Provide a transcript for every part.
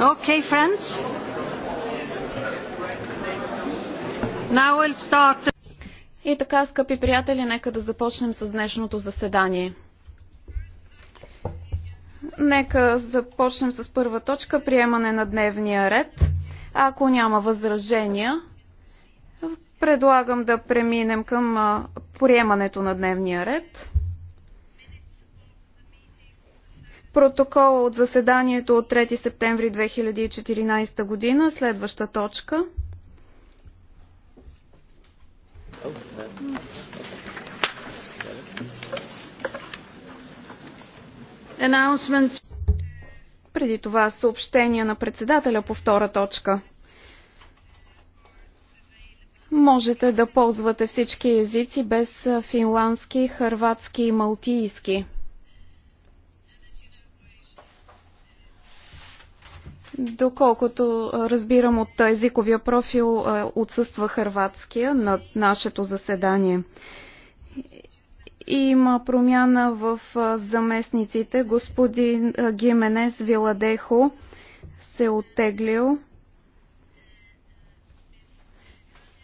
Okay, friends. Now we'll start. И така, скъпи приятели, нека да започнем с днешното заседание. Нека започнем с първа точка приемане на дневния ред. Ако няма възражения, предлагам да преминем към приемането на дневния ред. Протокола от заседанието от 3 септември 2014 година. Следваща точка. Преди това съобщение на председателя по втора точка. Можете да ползвате всички езици без финландски, хърватски и малтийски. Доколкото разбирам от езиковия профил, отсъства хърватския на нашето заседание. Има промяна в заместниците. Господин Гименес Виладехо се е оттеглил.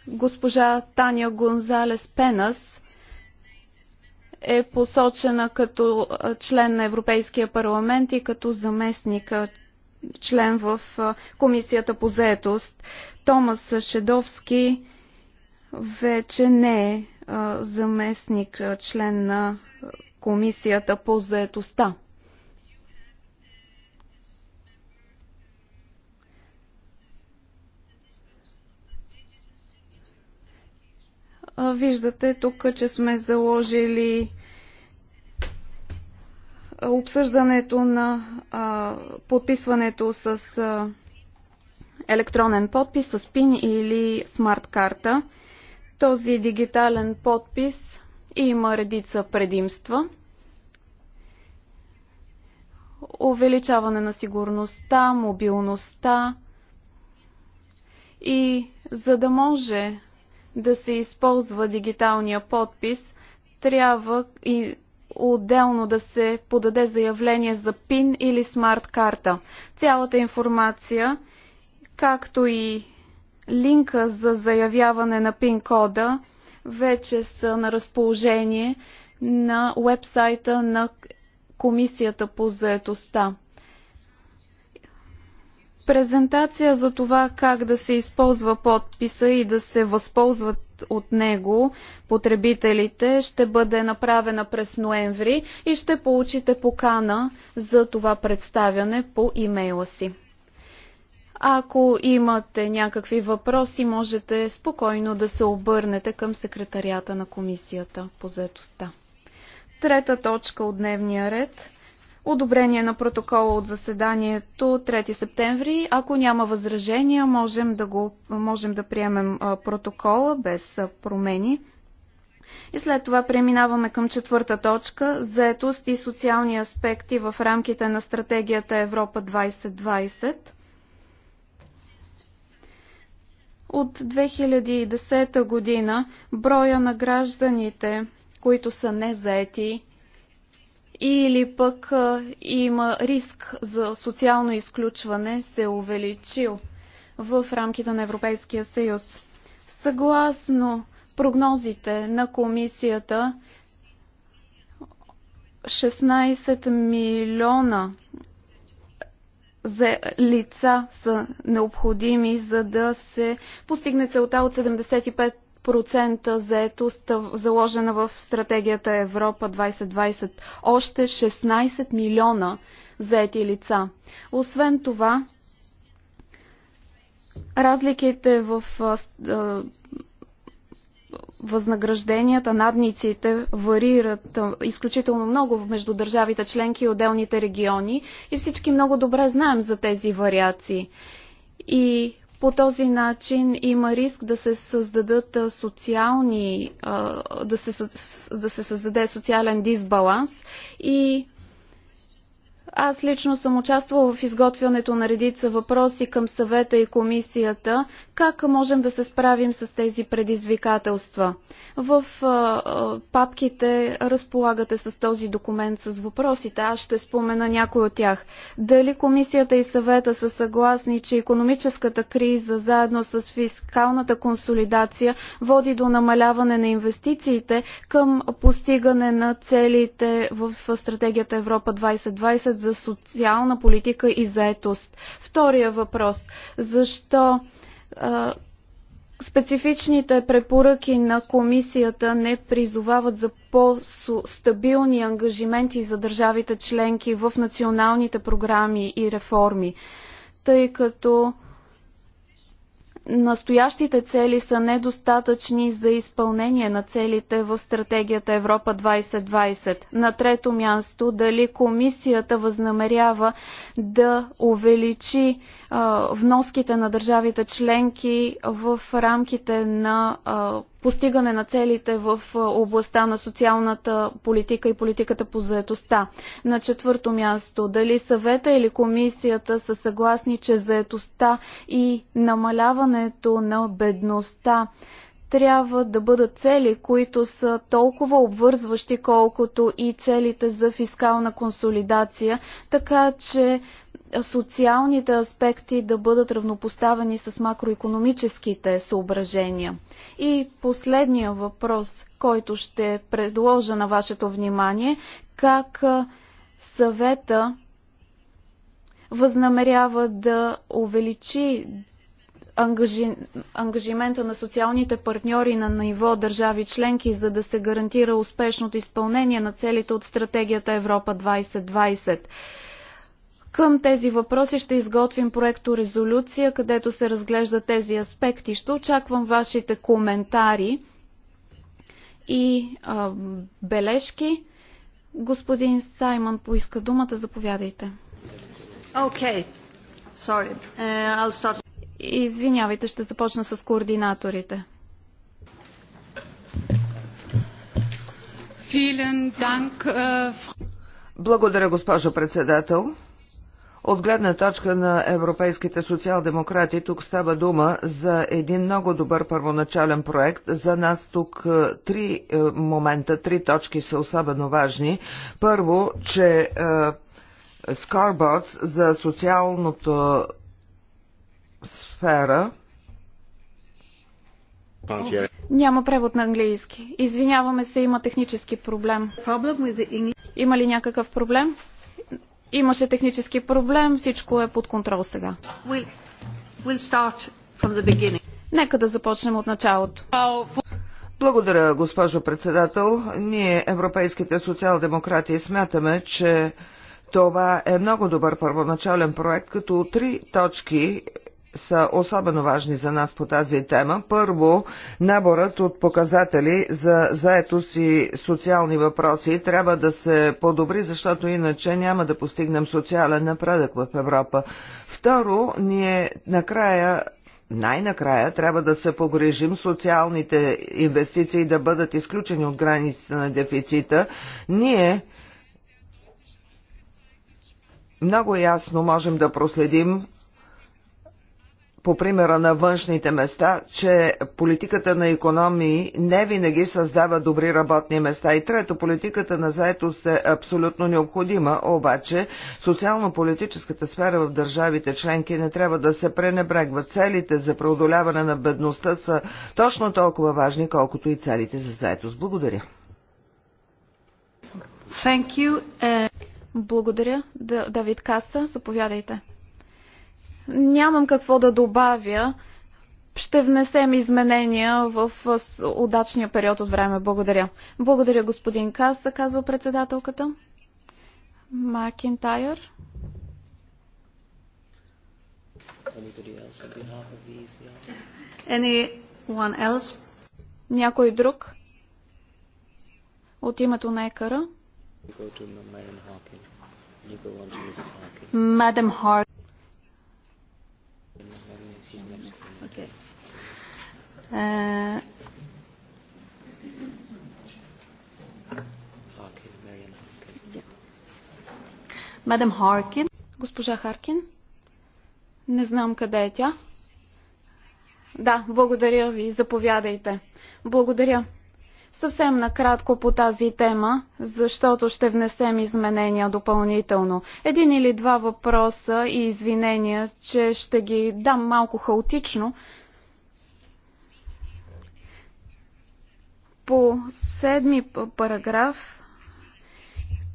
Госпожа Таня Гонзалес Пенас е посочена като член на Европейския парламент и като заместника член в Комисията по заетост. Томас Шедовски вече не е заместник член на Комисията по заетостта. Виждате тук, че сме заложили обсъждането на а, подписването с а, електронен подпис, с пин или смарт карта. Този дигитален подпис има редица предимства. Увеличаване на сигурността, мобилността и за да може да се използва дигиталния подпис, трябва и отделно да се подаде заявление за ПИН или смарт карта. Цялата информация, както и линка за заявяване на ПИН кода, вече са на разположение на уебсайта на Комисията по заетостта презентация за това как да се използва подписа и да се възползват от него потребителите ще бъде направена през ноември и ще получите покана за това представяне по имейла си. Ако имате някакви въпроси, можете спокойно да се обърнете към секретарията на комисията по заедостта. Трета точка от дневния ред – Одобрение на протокола от заседанието 3 септември. Ако няма възражения, можем да, го, можем да приемем протокола без промени. И след това преминаваме към четвърта точка – заетост и социални аспекти в рамките на стратегията Европа 2020. От 2010 година броя на гражданите, които са незаети или пък има риск за социално изключване се е увеличил в рамките на Европейския съюз. Съгласно прогнозите на комисията, 16 милиона за лица са необходими, за да се постигне целта от 75 10% заетост, заложена в стратегията Европа 2020. Още 16 милиона заети лица. Освен това, разликите в възнагражденията, надниците варират изключително много между държавите членки и отделните региони и всички много добре знаем за тези вариации. И по този начин има риск да се създадат социални, да се, да се създаде социален дисбаланс и аз лично съм участвала в изготвянето на редица въпроси към съвета и комисията, как можем да се справим с тези предизвикателства. В а, а, папките разполагате с този документ с въпросите. Аз ще спомена някой от тях. Дали комисията и съвета са съгласни, че економическата криза заедно с фискалната консолидация води до намаляване на инвестициите към постигане на целите в стратегията Европа 2020 за социална политика и заетост. Втория въпрос. Защо Специфичните препоръки на комисията не призовават за по-стабилни ангажименти за държавите членки в националните програми и реформи, тъй като настоящите цели са недостатъчни за изпълнение на целите в стратегията Европа 2020. На трето място, дали комисията възнамерява да увеличи а, вноските на държавите членки в рамките на а, постигане на целите в областта на социалната политика и политиката по заетостта. На четвърто място, дали съвета или комисията са съгласни, че заетостта и намаляването на бедността трябва да бъдат цели, които са толкова обвързващи, колкото и целите за фискална консолидация, така че социалните аспекти да бъдат равнопоставени с макроекономическите съображения. И последния въпрос, който ще предложа на вашето внимание, как съвета възнамерява да увеличи ангажи... ангажимента на социалните партньори на ниво държави членки, за да се гарантира успешното изпълнение на целите от стратегията Европа 2020. Към тези въпроси ще изготвим проекто резолюция, където се разглежда тези аспекти. Ще очаквам вашите коментари и а, бележки. Господин Саймон поиска думата. Заповядайте. Okay. Sorry. Uh, I'll start... Извинявайте, ще започна с координаторите. Uh, Благодаря, госпожо председател. От гледна точка на европейските социал-демократи тук става дума за един много добър първоначален проект. За нас тук е, три е, момента, три точки са особено важни. Първо, че Scoreboards е, за социалното сфера няма превод на английски. Извиняваме се, има технически проблем. Има ли някакъв проблем? Имаше технически проблем, всичко е под контрол сега. Нека да започнем от началото. Благодаря, госпожо председател. Ние, европейските социал-демократи, смятаме, че това е много добър първоначален проект, като три точки са особено важни за нас по тази тема. Първо, наборът от показатели за заетост и социални въпроси трябва да се подобри, защото иначе няма да постигнем социален напредък в Европа. Второ, ние накрая най-накрая трябва да се погрежим социалните инвестиции да бъдат изключени от границите на дефицита. Ние много ясно можем да проследим по примера на външните места, че политиката на економии не винаги създава добри работни места. И трето, политиката на заетост е абсолютно необходима, обаче социално-политическата сфера в държавите членки не трябва да се пренебрегва. Целите за преодоляване на бедността са точно толкова важни, колкото и целите за заетост. Благодаря. Thank you. Е, Благодаря. Давид Каса, заповядайте. Нямам какво да добавя. Ще внесем изменения в удачния период от време. Благодаря. Благодаря, господин Кас, казва председателката. Макинтайр. Някой друг? От името на екара? Мадам Харт. Okay. Е, uh, Мадам Харкин. Госпожа Харкин. Не знам къде е тя. Да, благодаря ви. Заповядайте. Благодаря. Съвсем накратко по тази тема, защото ще внесем изменения допълнително. Един или два въпроса и извинения, че ще ги дам малко хаотично. По седми параграф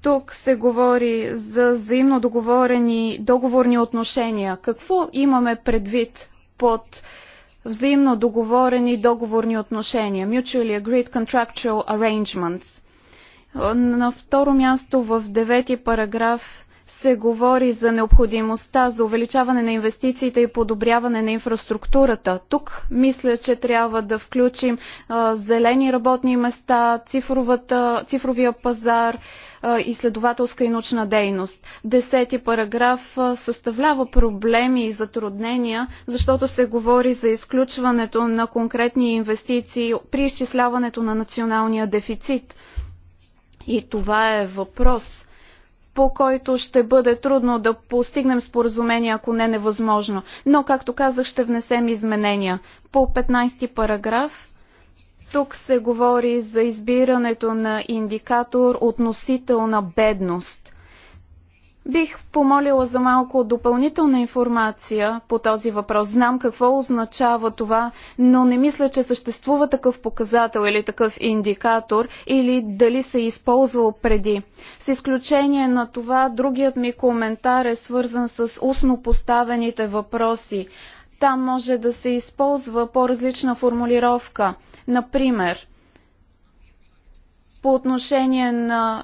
тук се говори за взаимно договорени договорни отношения. Какво имаме предвид под взаимно договорени договорни отношения, mutually agreed contractual arrangements. На второ място в девети параграф се говори за необходимостта за увеличаване на инвестициите и подобряване на инфраструктурата. Тук мисля, че трябва да включим а, зелени работни места, цифровия пазар, изследователска и научна дейност. Десети параграф съставлява проблеми и затруднения, защото се говори за изключването на конкретни инвестиции при изчисляването на националния дефицит. И това е въпрос по който ще бъде трудно да постигнем споразумение, ако не е невъзможно. Но, както казах, ще внесем изменения. По 15 параграф тук се говори за избирането на индикатор относителна бедност. Бих помолила за малко допълнителна информация по този въпрос. Знам какво означава това, но не мисля, че съществува такъв показател или такъв индикатор или дали се е използвал преди. С изключение на това, другият ми коментар е свързан с устно поставените въпроси. Там може да се използва по-различна формулировка. Например, по отношение на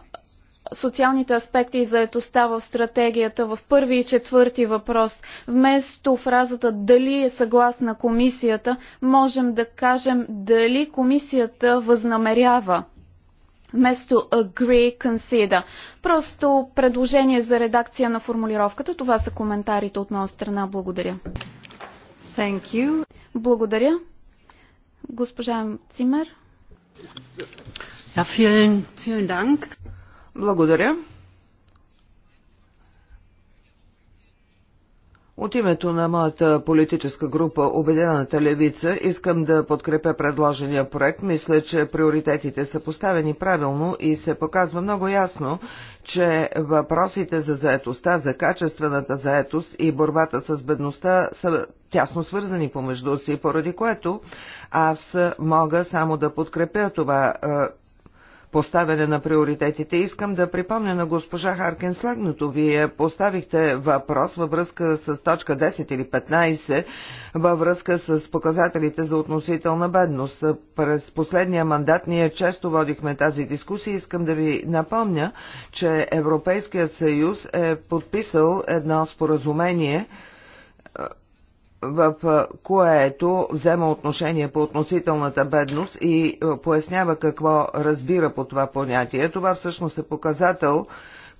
социалните аспекти и заетостта в стратегията в първи и четвърти въпрос, вместо фразата дали е съгласна комисията, можем да кажем дали комисията възнамерява вместо agree, consider. Просто предложение за редакция на формулировката. Това са коментарите от моя страна. Благодаря. Thank you. Благодаря. Госпожа Цимер. Ja, vielen, vielen Dank. Благодаря. От името на моята политическа група Обединената левица искам да подкрепя предложения проект. Мисля, че приоритетите са поставени правилно и се показва много ясно, че въпросите за заетостта, за качествената заетост и борбата с бедността са тясно свързани помежду си, поради което аз мога само да подкрепя това е, поставяне на приоритетите. Искам да припомня на госпожа Харкен Слагното. Вие поставихте въпрос във връзка с точка 10 или 15, във връзка с показателите за относителна бедност. През последния мандат ние често водихме тази дискусия. Искам да ви напомня, че Европейският съюз е подписал едно споразумение, в което взема отношение по относителната бедност и пояснява какво разбира по това понятие. Това всъщност е показател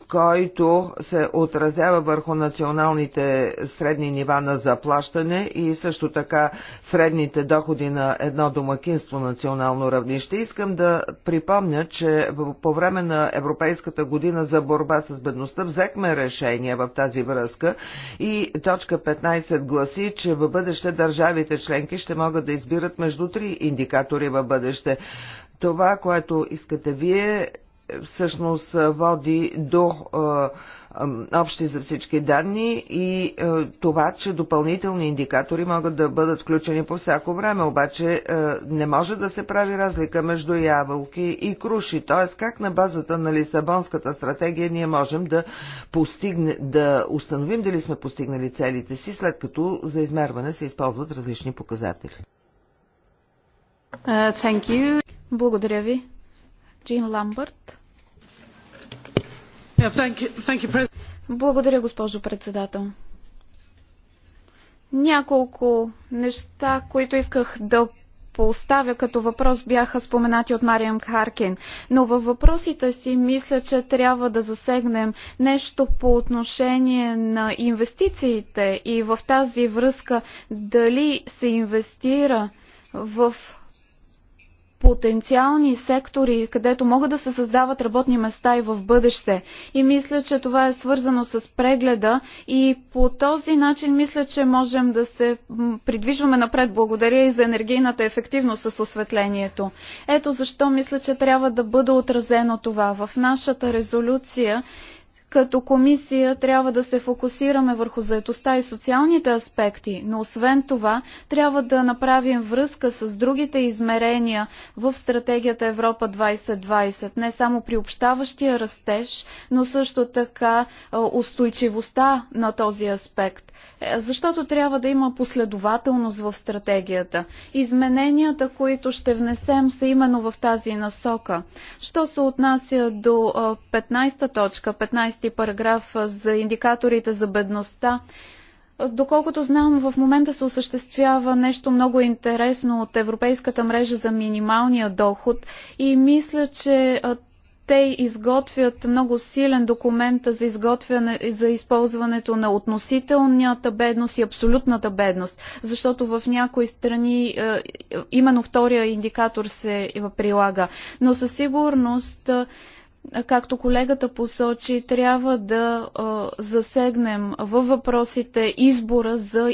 който се отразява върху националните средни нива на заплащане и също така средните доходи на едно домакинство национално равнище. Искам да припомня, че по време на Европейската година за борба с бедността взехме решение в тази връзка и точка 15 гласи, че в бъдеще държавите членки ще могат да избират между три индикатори в бъдеще. Това, което искате вие всъщност води до общи за всички данни и това, че допълнителни индикатори могат да бъдат включени по всяко време, обаче не може да се прави разлика между ябълки и круши, т.е. как на базата на Лисабонската стратегия ние можем да, постигне, да установим дали сме постигнали целите си, след като за измерване се използват различни показатели. Uh, Благодаря ви. Джин Ламбърт. Yeah, thank you, thank you, Благодаря, госпожо председател. Няколко неща, които исках да поставя като въпрос бяха споменати от Мариам Харкин. Но във въпросите си мисля, че трябва да засегнем нещо по отношение на инвестициите и в тази връзка дали се инвестира в потенциални сектори, където могат да се създават работни места и в бъдеще. И мисля, че това е свързано с прегледа и по този начин мисля, че можем да се придвижваме напред. Благодаря и за енергийната ефективност с осветлението. Ето защо мисля, че трябва да бъде отразено това. В нашата резолюция като комисия трябва да се фокусираме върху заетостта и социалните аспекти, но освен това трябва да направим връзка с другите измерения в стратегията Европа 2020, не само приобщаващия растеж, но също така устойчивостта на този аспект. Е, защото трябва да има последователност в стратегията. Измененията, които ще внесем, са именно в тази насока. Що се отнася до 15 та точка, 15 11 параграф за индикаторите за бедността. Доколкото знам, в момента се осъществява нещо много интересно от Европейската мрежа за минималния доход и мисля, че те изготвят много силен документ за, изготвяне, за използването на относителната бедност и абсолютната бедност, защото в някои страни именно втория индикатор се прилага. Но със сигурност както колегата посочи, трябва да засегнем във въпросите избора за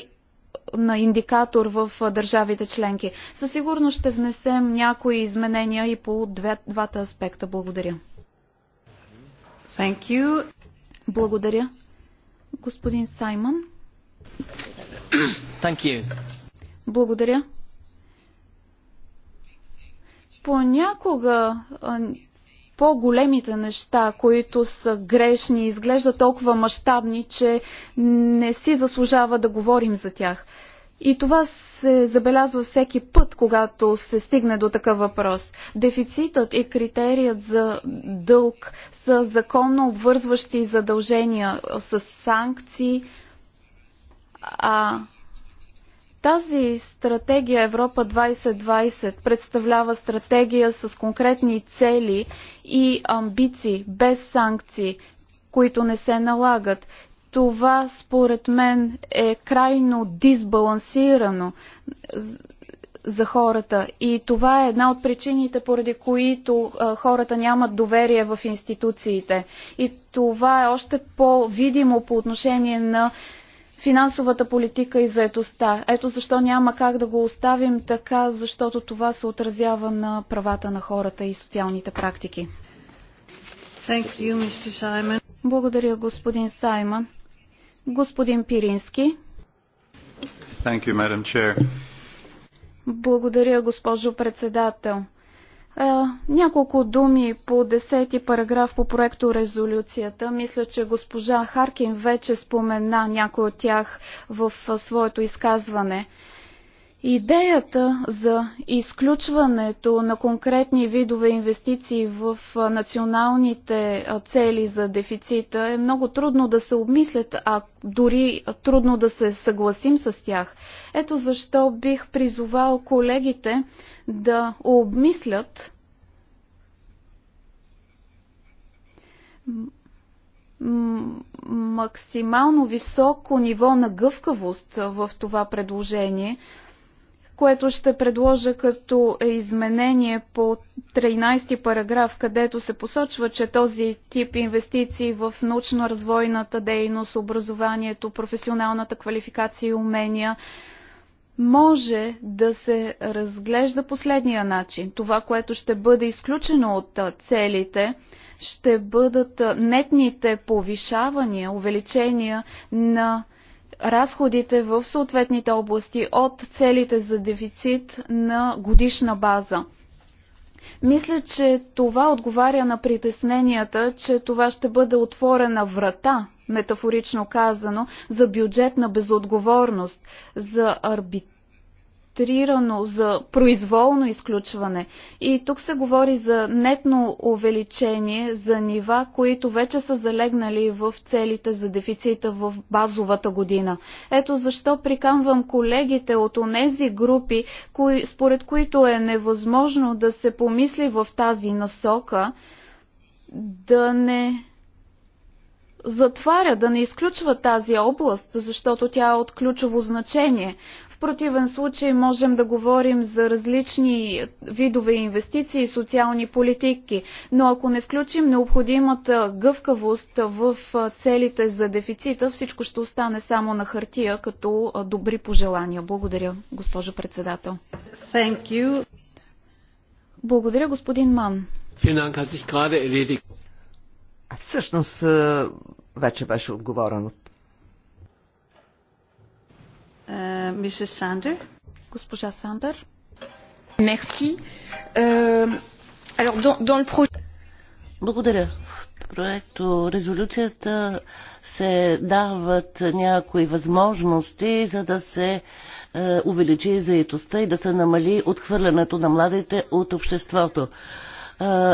на индикатор в държавите членки. Със сигурност ще внесем някои изменения и по двата аспекта. Благодаря. Thank you. Благодаря. Господин Саймон. Thank you. Благодаря. Понякога по-големите неща, които са грешни, изглеждат толкова мащабни, че не си заслужава да говорим за тях. И това се забелязва всеки път, когато се стигне до такъв въпрос. Дефицитът и критерият за дълг са законно обвързващи задължения с санкции, а тази стратегия Европа 2020 представлява стратегия с конкретни цели и амбиции, без санкции, които не се налагат. Това, според мен, е крайно дисбалансирано за хората. И това е една от причините, поради които а, хората нямат доверие в институциите. И това е още по-видимо по отношение на финансовата политика и заетостта. Ето защо няма как да го оставим така, защото това се отразява на правата на хората и социалните практики. Thank you, Mr. Simon. Благодаря, господин Саймън. Господин Пирински. Thank you, Madam Chair. Благодаря, госпожо председател. Е, няколко думи по 10 параграф по проекто резолюцията. Мисля, че госпожа Харкин вече спомена някой от тях в е, своето изказване. Идеята за изключването на конкретни видове инвестиции в националните цели за дефицита е много трудно да се обмислят, а дори трудно да се съгласим с тях. Ето защо бих призовал колегите да обмислят максимално високо ниво на гъвкавост в това предложение, което ще предложа като изменение по 13 параграф, където се посочва, че този тип инвестиции в научно-развойната дейност, образованието, професионалната квалификация и умения може да се разглежда последния начин. Това, което ще бъде изключено от целите, ще бъдат нетните повишавания, увеличения на разходите в съответните области от целите за дефицит на годишна база. Мисля, че това отговаря на притесненията, че това ще бъде отворена врата, метафорично казано, за бюджетна безотговорност, за арбит регистрирано за произволно изключване. И тук се говори за нетно увеличение за нива, които вече са залегнали в целите за дефицита в базовата година. Ето защо приканвам колегите от онези групи, кои, според които е невъзможно да се помисли в тази насока, да не затваря, да не изключва тази област, защото тя е от ключово значение противен случай можем да говорим за различни видове инвестиции и социални политики, но ако не включим необходимата гъвкавост в целите за дефицита, всичко ще остане само на хартия като добри пожелания. Благодаря, госпожо председател. Thank you. Благодаря, господин Ман. Всъщност вече беше отговорено е, Госпожа Сандър. Мерси. Е, Благодаря. В проекто резолюцията се дават някои възможности, за да се е, увеличи заетостта и да се намали отхвърлянето на младите от обществото.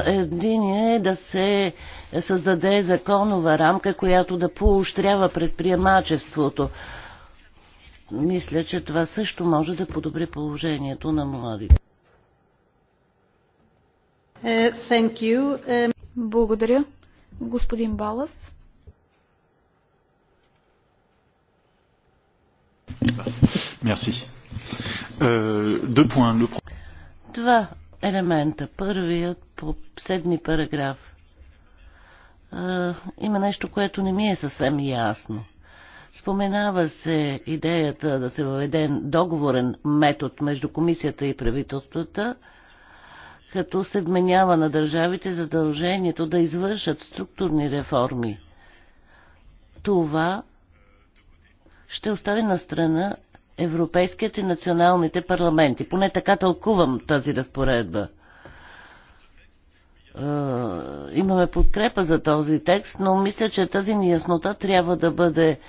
Един е да се създаде законова рамка, която да поощрява предприемачеството. Мисля, че това също може да подобри положението на младите. Е, е, Благодаря. Господин Балас. Мерси. Два елемента. Първият по седми параграф. Е, има нещо, което не ми е съвсем ясно. Споменава се идеята да се въведе договорен метод между комисията и правителствата, като се вменява на държавите задължението да извършат структурни реформи. Това ще остави на страна европейският и националните парламенти. Поне така тълкувам тази разпоредба. Е, имаме подкрепа за този текст, но мисля, че тази неяснота трябва да бъде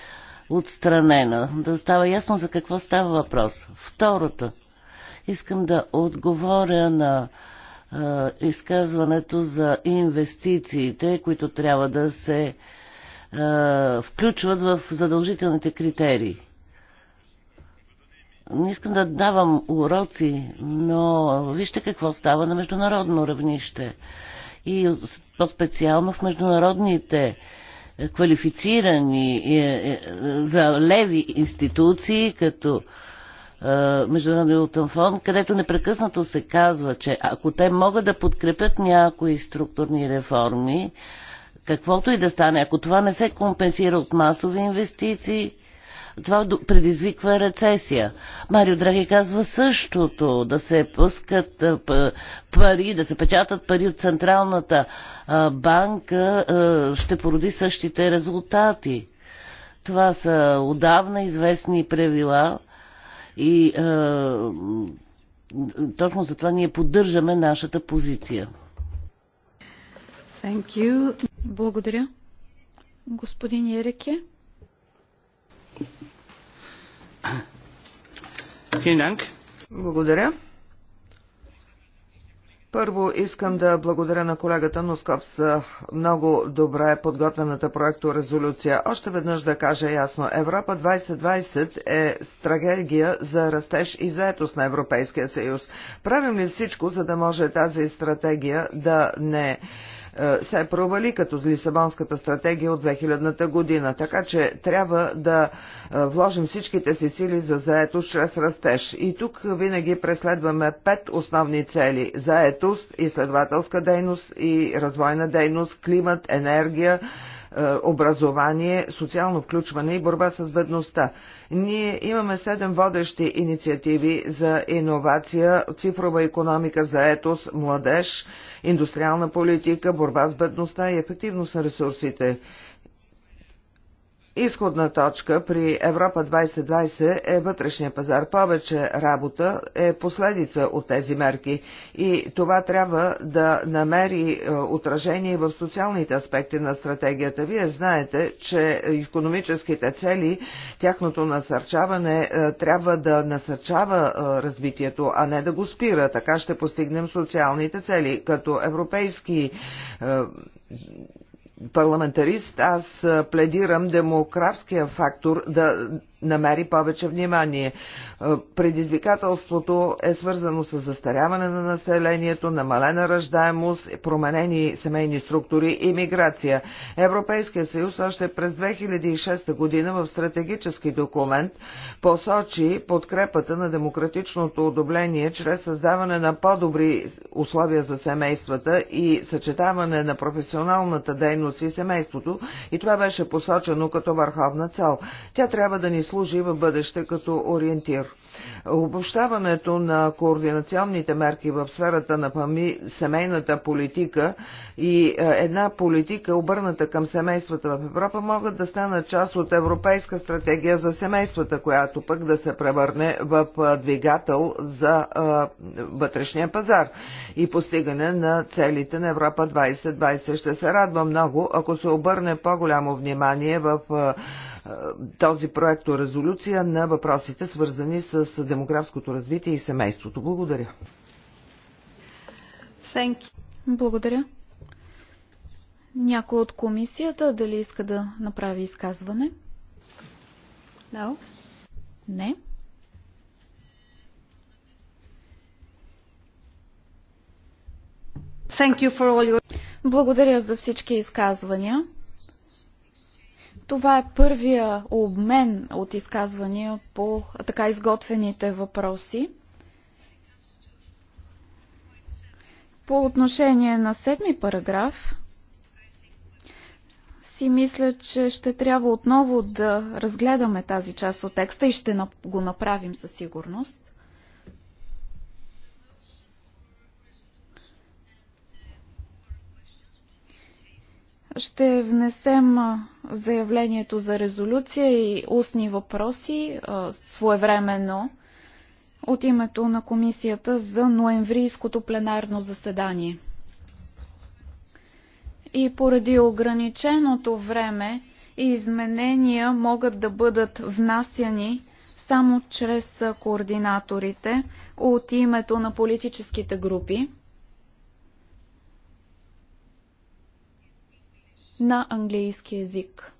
отстранена. Да става ясно за какво става въпрос. Второто. Искам да отговоря на а, изказването за инвестициите, които трябва да се а, включват в задължителните критерии. Не искам да давам уроци, но вижте какво става на международно равнище. И по-специално в международните квалифицирани е, е, за леви институции, като е, Международния валутен фонд, където непрекъснато се казва, че ако те могат да подкрепят някои структурни реформи, каквото и да стане, ако това не се компенсира от масови инвестиции, това предизвиква рецесия. Марио Драги казва същото, да се пускат пари, да се печатат пари от Централната банка ще породи същите резултати. Това са отдавна известни правила и е, точно затова ние поддържаме нашата позиция. Thank you. Благодаря. Господин Ереке. Благодаря. Първо искам да благодаря на колегата Носкоп за много добре подготвената проекто резолюция. Още веднъж да кажа ясно, Европа 2020 е стратегия за растеж и заетост на Европейския съюз. Правим ли всичко, за да може тази стратегия да не е, се е провали като Лисабонската стратегия от 2000-та година. Така че трябва да е, вложим всичките си сили за заетост чрез растеж. И тук винаги преследваме пет основни цели. Заетост, изследователска дейност и развойна дейност, климат, енергия, е, образование, социално включване и борба с бедността. Ние имаме седем водещи инициативи за иновация, цифрова економика, заетост, младеж, индустриална политика, борба с бедността и ефективност на ресурсите. Изходна точка при Европа 2020 е вътрешния пазар. Повече работа е последица от тези мерки и това трябва да намери е, отражение в социалните аспекти на стратегията. Вие знаете, че економическите цели, тяхното насърчаване е, трябва да насърчава е, развитието, а не да го спира. Така ще постигнем социалните цели. Като европейски парламентарист аз пледирам демократския фактор да намери повече внимание. Е, предизвикателството е свързано с застаряване на населението, намалена ръждаемост, променени семейни структури и миграция. Европейския съюз още през 2006 година в стратегически документ посочи подкрепата на демократичното одобрение чрез създаване на по-добри условия за семействата и съчетаване на професионалната дейност и семейството и това беше посочено като върховна цел. Тя трябва да ни служи в бъдеще като ориентир. Обобщаването на координационните мерки в сферата на пами, семейната политика и е, една политика обърната към семействата в Европа могат да станат част от Европейска стратегия за семействата, която пък да се превърне в двигател за вътрешния пазар и постигане на целите на Европа 2020. Ще се радва много, ако се обърне по-голямо внимание в е, този проект резолюция на въпросите, свързани с демографското развитие и семейството. Благодаря. Благодаря. Някой от комисията дали иска да направи изказване? No. Не. Thank you for all your... Благодаря за всички изказвания. Това е първия обмен от изказвания по така изготвените въпроси. По отношение на седми параграф, си мисля, че ще трябва отново да разгледаме тази част от текста и ще го направим със сигурност. Ще внесем заявлението за резолюция и устни въпроси своевременно от името на комисията за ноемврийското пленарно заседание. И поради ограниченото време и изменения могат да бъдат внасяни само чрез координаторите от името на политическите групи. на английски язик.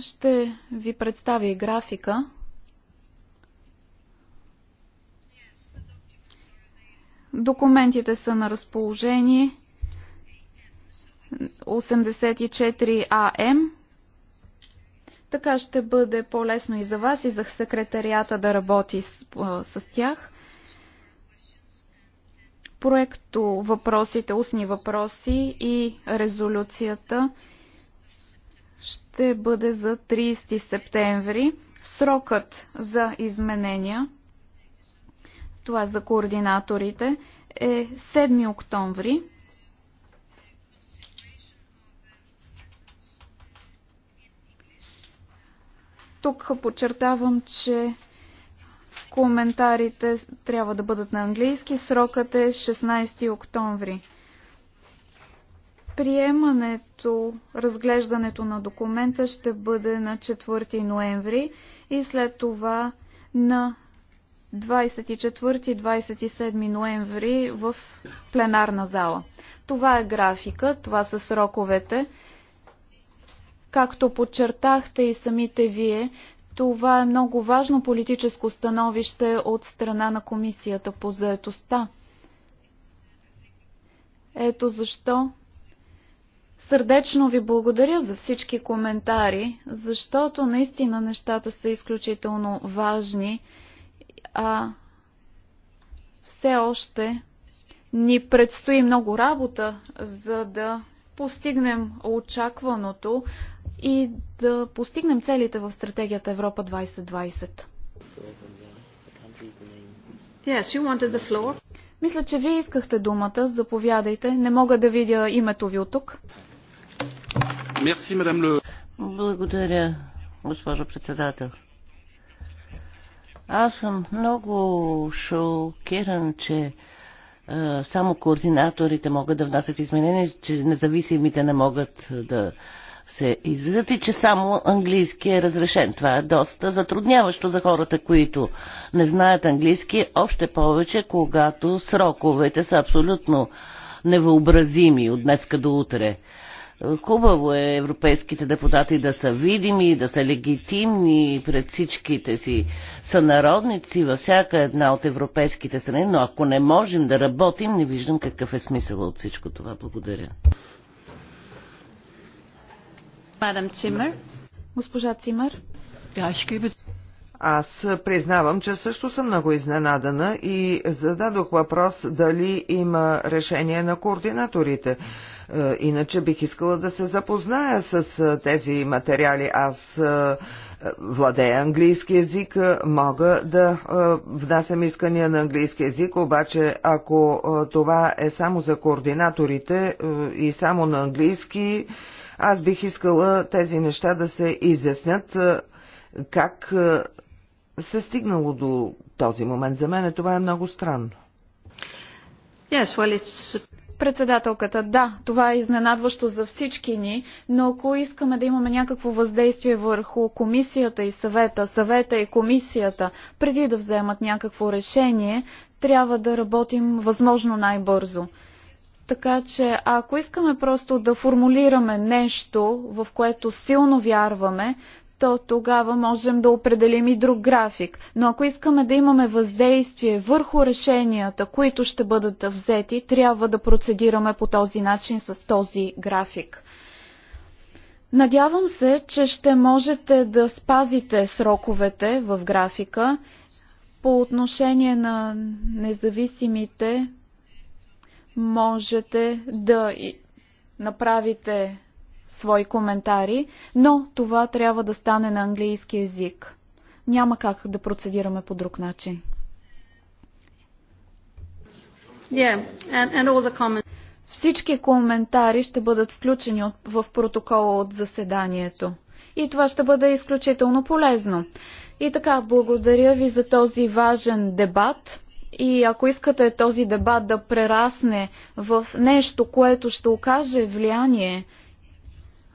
Ще ви представя и графика. Документите са на разположение 84 АМ. Така ще бъде по-лесно и за вас, и за секретарията да работи с, с тях проекто въпросите, устни въпроси и резолюцията ще бъде за 30 септември. Срокът за изменения, това за координаторите, е 7 октомври. Тук подчертавам, че Коментарите трябва да бъдат на английски. Срокът е 16 октомври. Приемането, разглеждането на документа ще бъде на 4 ноември и след това на 24-27 ноември в пленарна зала. Това е графика, това са сроковете. Както подчертахте и самите вие, това е много важно политическо становище от страна на Комисията по заетостта. Ето защо Сърдечно ви благодаря за всички коментари, защото наистина нещата са изключително важни, а все още ни предстои много работа, за да постигнем очакваното и да постигнем целите в стратегията Европа 2020. Yes, you wanted the floor. Мисля, че вие искахте думата. Заповядайте. Не мога да видя името ви от тук. Благодаря, госпожо председател. Аз съм много шокиран, че е, само координаторите могат да внасят изменения, че независимите не могат да се излизат и че само английски е разрешен. Това е доста затрудняващо за хората, които не знаят английски, още повече когато сроковете са абсолютно невъобразими от днеска до утре. Хубаво е европейските депутати да са видими, да са легитимни пред всичките си сънародници във всяка една от европейските страни, но ако не можем да работим, не виждам какъв е смисъл от всичко това. Благодаря. Цимер. Госпожа Цимер. Аз признавам, че също съм много изненадана и зададох въпрос дали има решение на координаторите. Е, иначе бих искала да се запозная с е, тези материали. Аз е, владея английски язик, мога да внасям искания на английски язик, обаче ако това е само за координаторите и само на английски, аз бих искала тези неща да се изяснят е, как е, се стигнало до този момент. За мен това е много странно. Yes, well, it's... Председателката, да, това е изненадващо за всички ни, но ако искаме да имаме някакво въздействие върху комисията и съвета, съвета и комисията, преди да вземат някакво решение, трябва да работим възможно най-бързо. Така че ако искаме просто да формулираме нещо, в което силно вярваме, то тогава можем да определим и друг график. Но ако искаме да имаме въздействие върху решенията, които ще бъдат взети, трябва да процедираме по този начин с този график. Надявам се, че ще можете да спазите сроковете в графика по отношение на независимите можете да направите свои коментари, но това трябва да стане на английски язик. Няма как да процедираме по друг начин. Yeah, and, and all the comments. Всички коментари ще бъдат включени от, в протокола от заседанието. И това ще бъде изключително полезно. И така, благодаря ви за този важен дебат. И ако искате този дебат да прерасне в нещо, което ще окаже влияние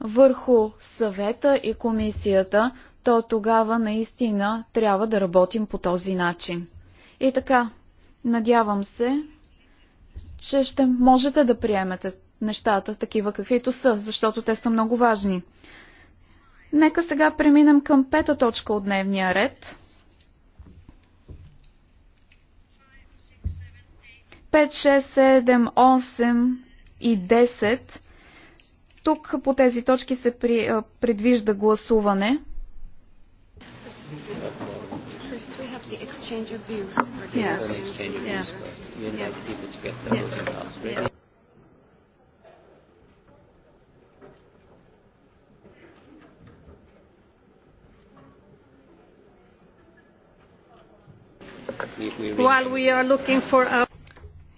върху съвета и комисията, то тогава наистина трябва да работим по този начин. И така, надявам се, че ще можете да приемете нещата такива каквито са, защото те са много важни. Нека сега преминем към пета точка от дневния ред. 5, 6, 7, 8 и 10. Тук по тези точки се при, предвижда гласуване. While we are looking for our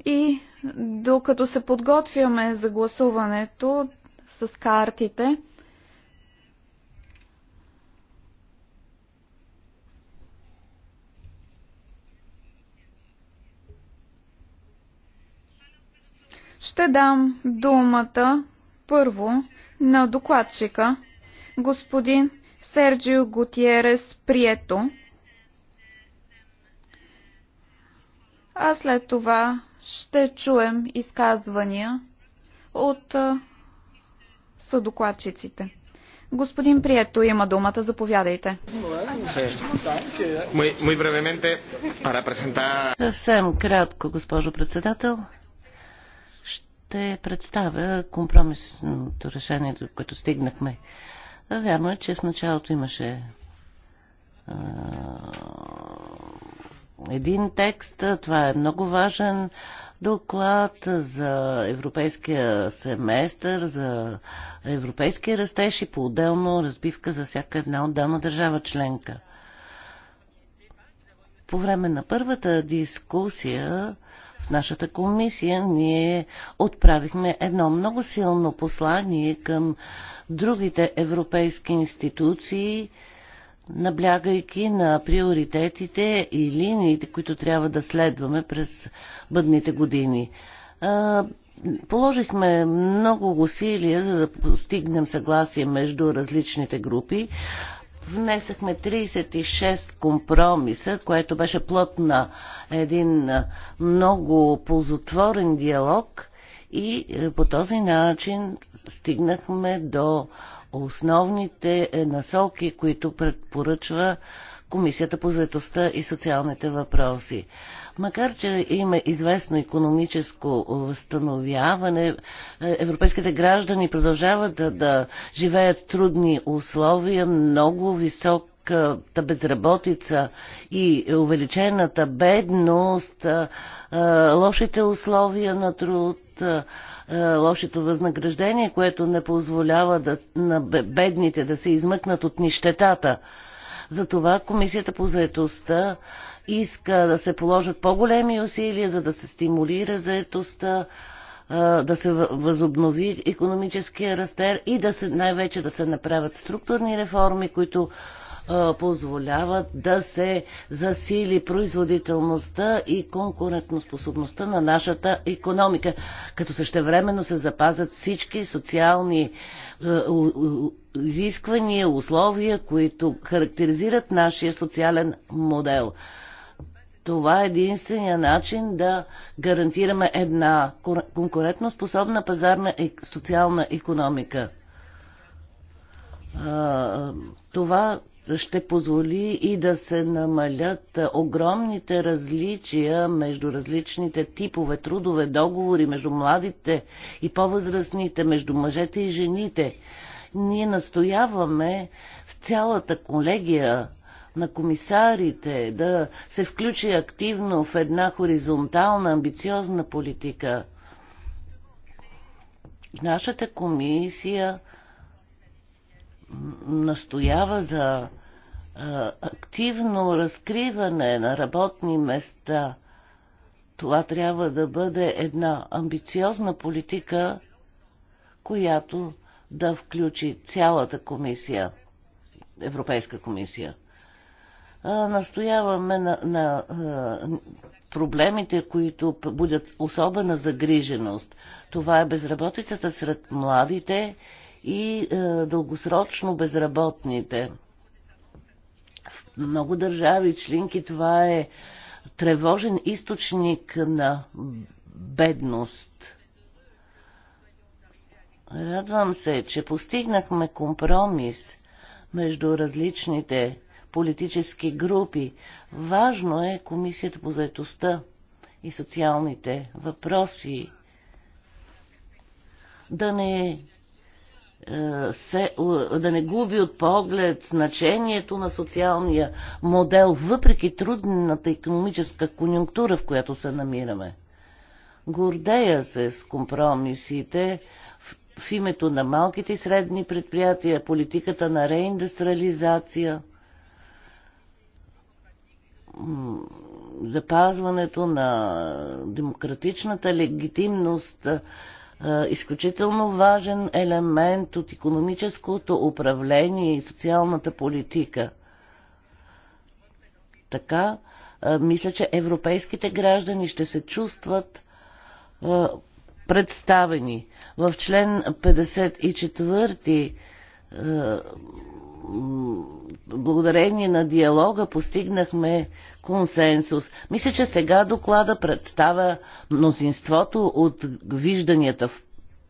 и докато се подготвяме за гласуването с картите, ще дам думата първо на докладчика, господин Серджио Гутиерес Прието, а след това ще чуем изказвания от съдокладчиците. Господин Прието има думата, заповядайте. Съвсем кратко, госпожо председател. Ще представя компромисното решение, до което стигнахме. Вярно е, че в началото имаше един текст. Това е много важен доклад за европейския семестър, за европейския растеж и по-отделно разбивка за всяка една отделна държава членка. По време на първата дискусия в нашата комисия ние отправихме едно много силно послание към другите европейски институции, наблягайки на приоритетите и линиите, които трябва да следваме през бъдните години. Положихме много усилия, за да постигнем съгласие между различните групи. Внесахме 36 компромиса, което беше плод на един много ползотворен диалог и е, по този начин стигнахме до основните е, насоки, които предпоръчва Комисията по заедостта и социалните въпроси. Макар, че има известно економическо възстановяване, е, европейските граждани продължават да, да живеят трудни условия, много висок безработица и увеличената бедност, е, лошите условия на труд, е, лошото възнаграждение, което не позволява да, на бедните да се измъкнат от нищетата. Затова Комисията по заетостта иска да се положат по-големи усилия, за да се стимулира заетостта, е, да се възобнови економическия растер и да се, най-вече да се направят структурни реформи, които позволяват да се засили производителността и конкурентоспособността на нашата економика, като същевременно се запазят всички социални изисквания, условия, които характеризират нашия социален модел. Това е единствения начин да гарантираме една конкурентоспособна пазарна и социална економика. Това ще позволи и да се намалят огромните различия между различните типове трудове договори, между младите и по-възрастните, между мъжете и жените. Ние настояваме в цялата колегия на комисарите да се включи активно в една хоризонтална, амбициозна политика. Нашата комисия настоява за активно разкриване на работни места. Това трябва да бъде една амбициозна политика, която да включи цялата комисия, Европейска комисия. Настояваме на, на, а, проблемите, които будят особена загриженост. Това е безработицата сред младите и а, е, дългосрочно безработните. В много държави членки това е тревожен източник на бедност. Радвам се, че постигнахме компромис между различните политически групи. Важно е Комисията по заедостта и социалните въпроси да не е, се, е, да не губи от поглед значението на социалния модел, въпреки трудната економическа конюнктура, в която се намираме. Гордея се с компромисите в, в името на малките и средни предприятия, политиката на реиндустриализация, запазването на демократичната легитимност е, изключително важен елемент от економическото управление и социалната политика. Така, е, мисля, че европейските граждани ще се чувстват е, представени. В член 54 благодарение на диалога постигнахме консенсус. Мисля, че сега доклада представя мнозинството от вижданията в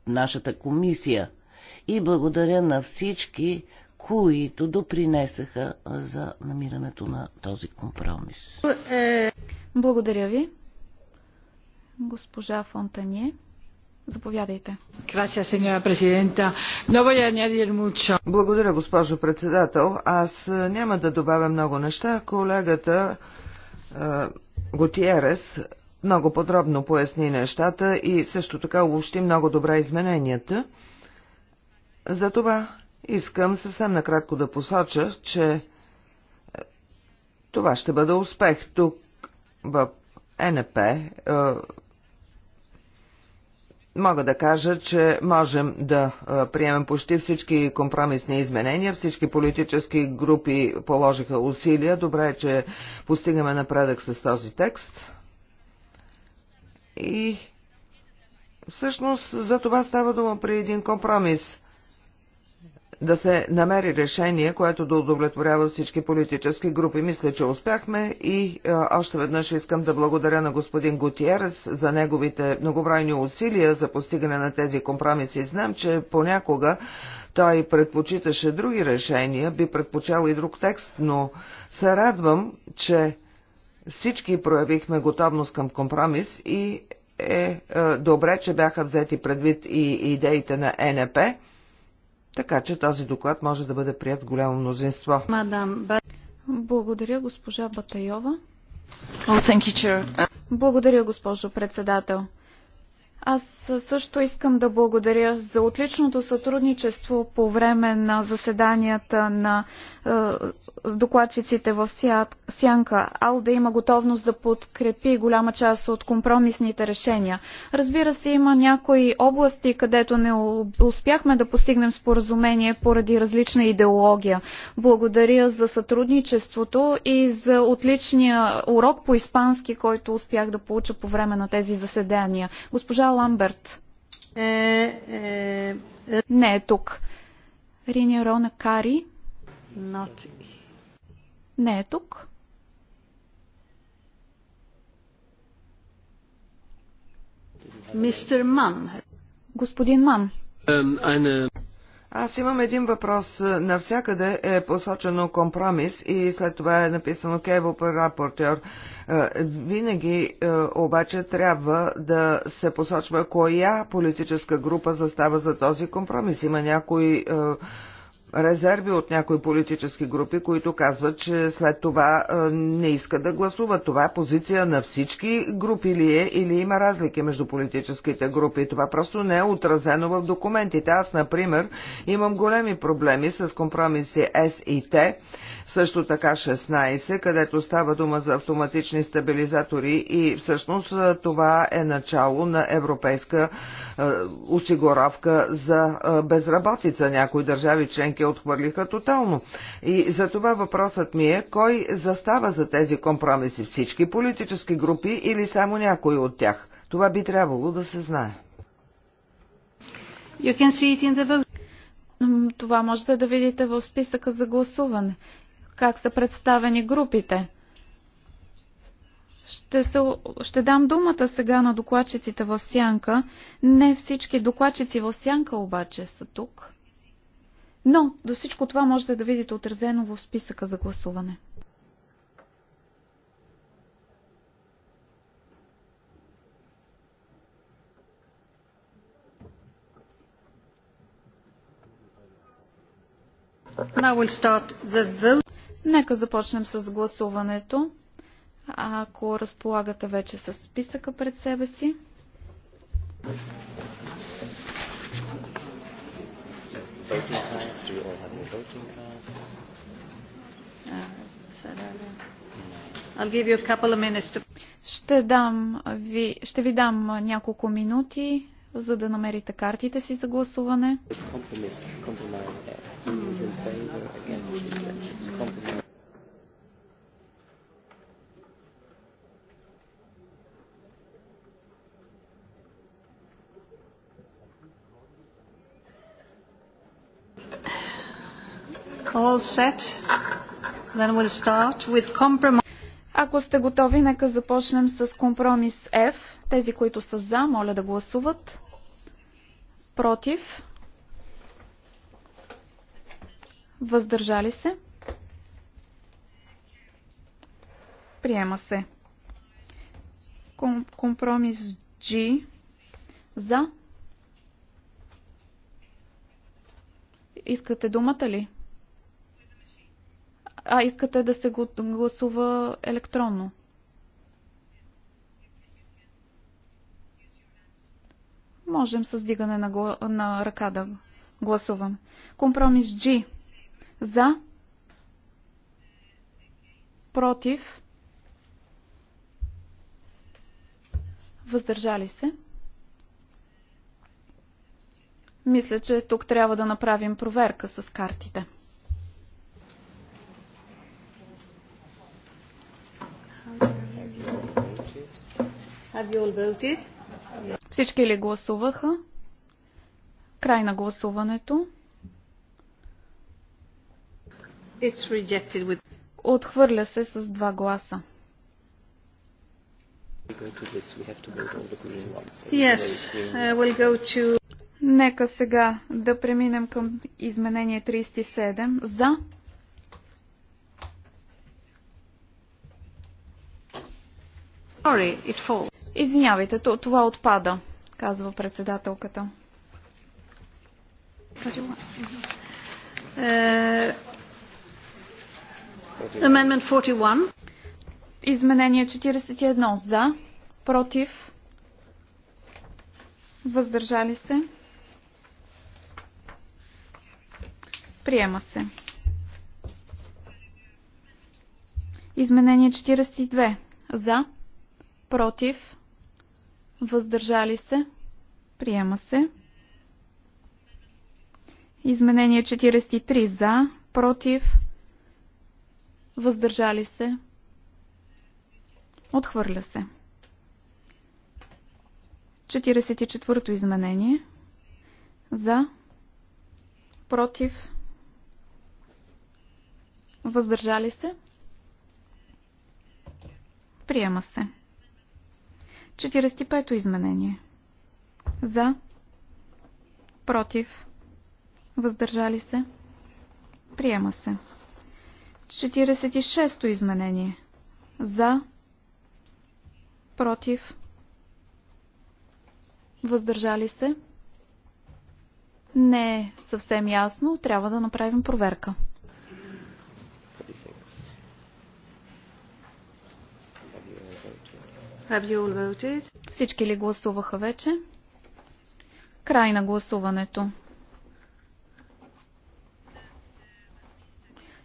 нашата комисия. И благодаря на всички, които допринесаха за намирането на този компромис. Благодаря ви, госпожа Фонтание. Заповядайте. Благодаря, госпожо председател. Аз е, няма да добавя много неща. Колегата е, Готиерес много подробно поясни нещата и също така обобщи много добре измененията. Затова искам съвсем накратко да посоча, че е, това ще бъде успех тук в НП мога да кажа, че можем да приемем почти всички компромисни изменения. Всички политически групи положиха усилия. Добре е, че постигаме напредък с този текст. И всъщност за това става дума при един компромис да се намери решение, което да удовлетворява всички политически групи. Мисля, че успяхме и а, още веднъж искам да благодаря на господин Гутиерес за неговите многобройни усилия за постигане на тези компромиси. Знам, че понякога той предпочиташе други решения, би предпочел и друг текст, но се радвам, че всички проявихме готовност към компромис и е, е добре, че бяха взети предвид и идеите на НП. Така че този доклад може да бъде прият с голямо мнозинство. Мадам, благодаря, госпожа Батайова. Благодаря, госпожо председател. Аз също искам да благодаря за отличното сътрудничество по време на заседанията на е, докладчиците в Сянка. Ал да има готовност да подкрепи голяма част от компромисните решения. Разбира се, има някои области, където не успяхме да постигнем споразумение поради различна идеология. Благодаря за сътрудничеството и за отличния урок по испански, който успях да получа по време на тези заседания. Госпожа Ламберт. Е, е, е... Не е тук. Рини Рона Кари. Not... Не е тук. Мистер Ман. Господин Ман. Um, eine... Аз имам един въпрос. Навсякъде е посочено компромис и след това е написано Кево рапортер. Винаги е, обаче трябва да се посочва коя политическа група застава за този компромис. Има някои е, резерви от някои политически групи, които казват, че след това не иска да гласува. Това е позиция на всички групи ли е или има разлики между политическите групи. Това просто не е отразено в документите. Аз, например, имам големи проблеми с компромиси С и Т също така 16, където става дума за автоматични стабилизатори и всъщност това е начало на европейска осигуровка за безработица. Някои държави членки отхвърлиха тотално. И за това въпросът ми е, кой застава за тези компромиси? Всички политически групи или само някои от тях? Това би трябвало да се знае. You can see it in the Това можете да видите в списъка за гласуване как са представени групите. Ще, се, ще дам думата сега на докладчиците в Сянка. Не всички докладчици в Сянка обаче са тук. Но до всичко това можете да видите отразено в списъка за гласуване. Now we'll start the vote. Нека започнем с гласуването. Ако разполагате вече с списъка пред себе си. Uh, uh, ще, дам ви, ще ви дам няколко минути, за да намерите картите си за гласуване. Compromise, compromise uh, All set. Then we'll start with compromise. Ако сте готови, нека започнем с компромис F. Тези, които са за, моля да гласуват. Против. Въздържали се. Приема се. Компромис G за. Искате думата ли? А, искате да се гласува електронно. Можем с дигане на, гла... на ръка да гласувам. Компромис G. За. Против. Въздържали се. Мисля, че тук трябва да направим проверка с картите. Всички ли гласуваха? Край на гласуването. Отхвърля се с два гласа go to this. We have to vote all the green ones. Yes, uh, we'll go to... Нека сега да преминем към изменение 37. За. Sorry, it falls. Извинявайте, това отпада, казва председателката. Uh, amendment 41. Е, изменение 41 за против, въздържали се, приема се. Изменение 42. За, против, въздържали се, приема се. Изменение 43. За, против, въздържали се, отхвърля се. 44-то изменение. За. Против. Въздържали се. Приема се. 45-то изменение. За. Против. Въздържали се. Приема се. 46-то изменение. За. Против. Въздържали се? Не е съвсем ясно. Трябва да направим проверка. Всички ли гласуваха вече? Край на гласуването.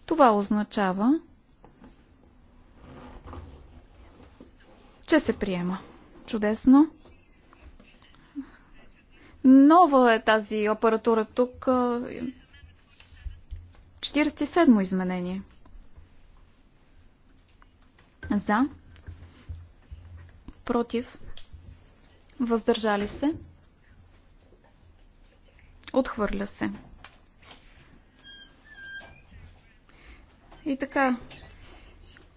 Това означава, че се приема. Чудесно. Нова е тази апаратура тук. 47 изменение. За. Против. Въздържали се. Отхвърля се. И така.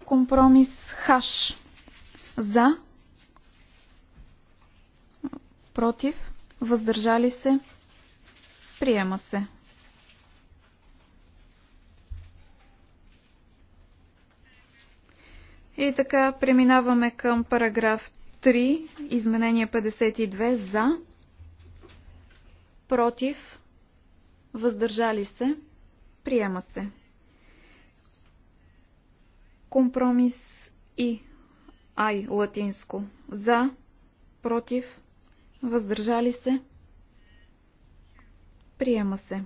Компромис хаш. За. Против въздържали се, приема се. И така преминаваме към параграф 3, изменение 52 за, против, въздържали се, приема се. Компромис и ай латинско за, против, Въздържали се. Приема се.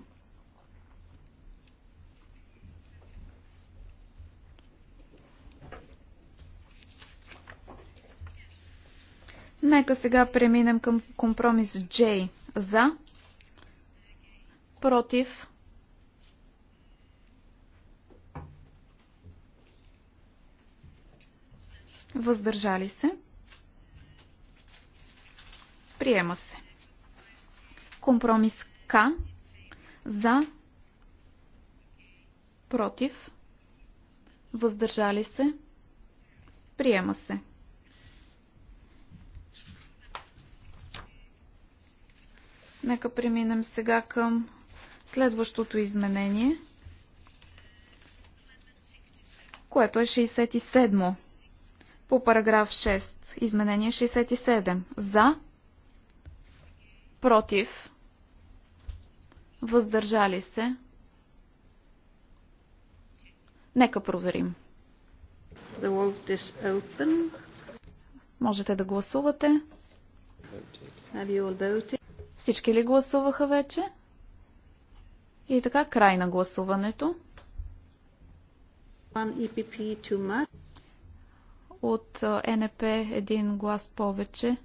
Нека сега преминем към компромис J. За. Против. Въздържали се. Приема се. Компромис К за против въздържали се. Приема се. Нека преминем сега към следващото изменение, което е 67 по параграф 6. Изменение 67. За, против, въздържали се. Нека проверим. The vote is open. Можете да гласувате. Have you all voted? Всички ли гласуваха вече? И така, край на гласуването. От НП един глас повече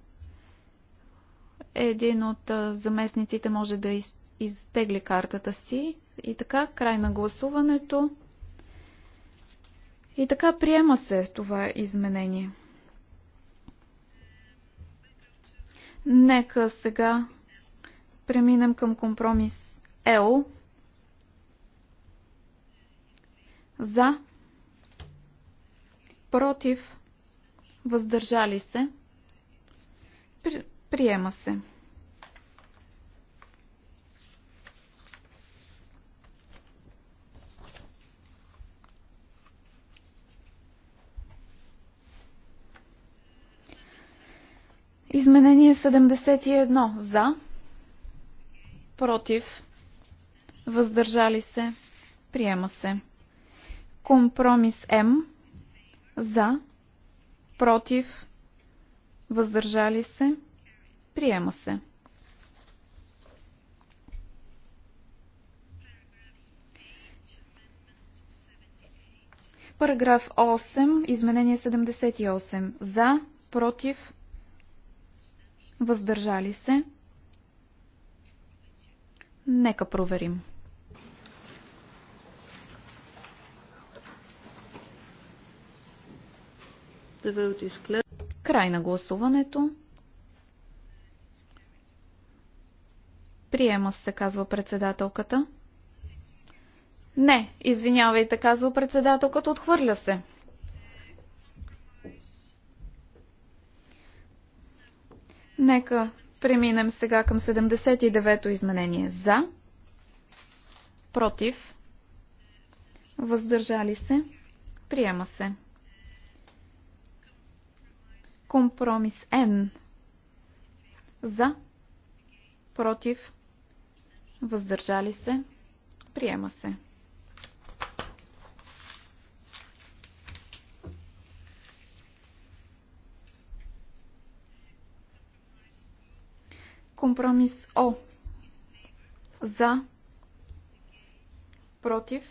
един от заместниците може да изтегли картата си. И така, край на гласуването. И така приема се това изменение. Нека сега преминем към компромис L. За. Против. Въздържали се. Приема се. Изменение 71. За. Против. Въздържали се. Приема се. Компромис М. За. Против. Въздържали се. Приема се. Параграф 8, изменение 78. За, против, въздържали се. Нека проверим. Край на гласуването. Приема се, казва председателката. Не, извинявайте, казва председателката, отхвърля се. Нека преминем сега към 79-то изменение. За, против, въздържали се, приема се. Компромис Н. За, против, Въздържали се. Приема се. Компромис О. За. Против.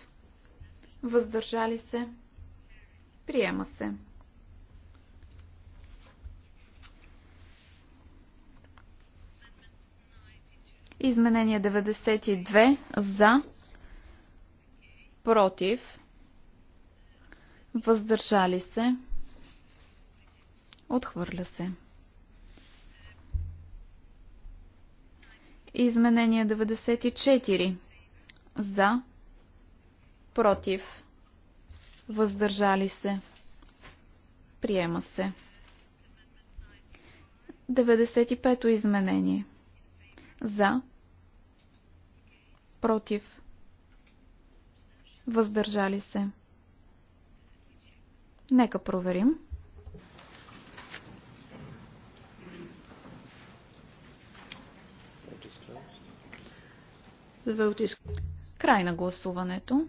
Въздържали се. Приема се. Изменение 92 за, против, въздържали се, отхвърля се. Изменение 94 за, против, въздържали се, приема се. 95-то изменение за, против, въздържали се. Нека проверим. Край на гласуването.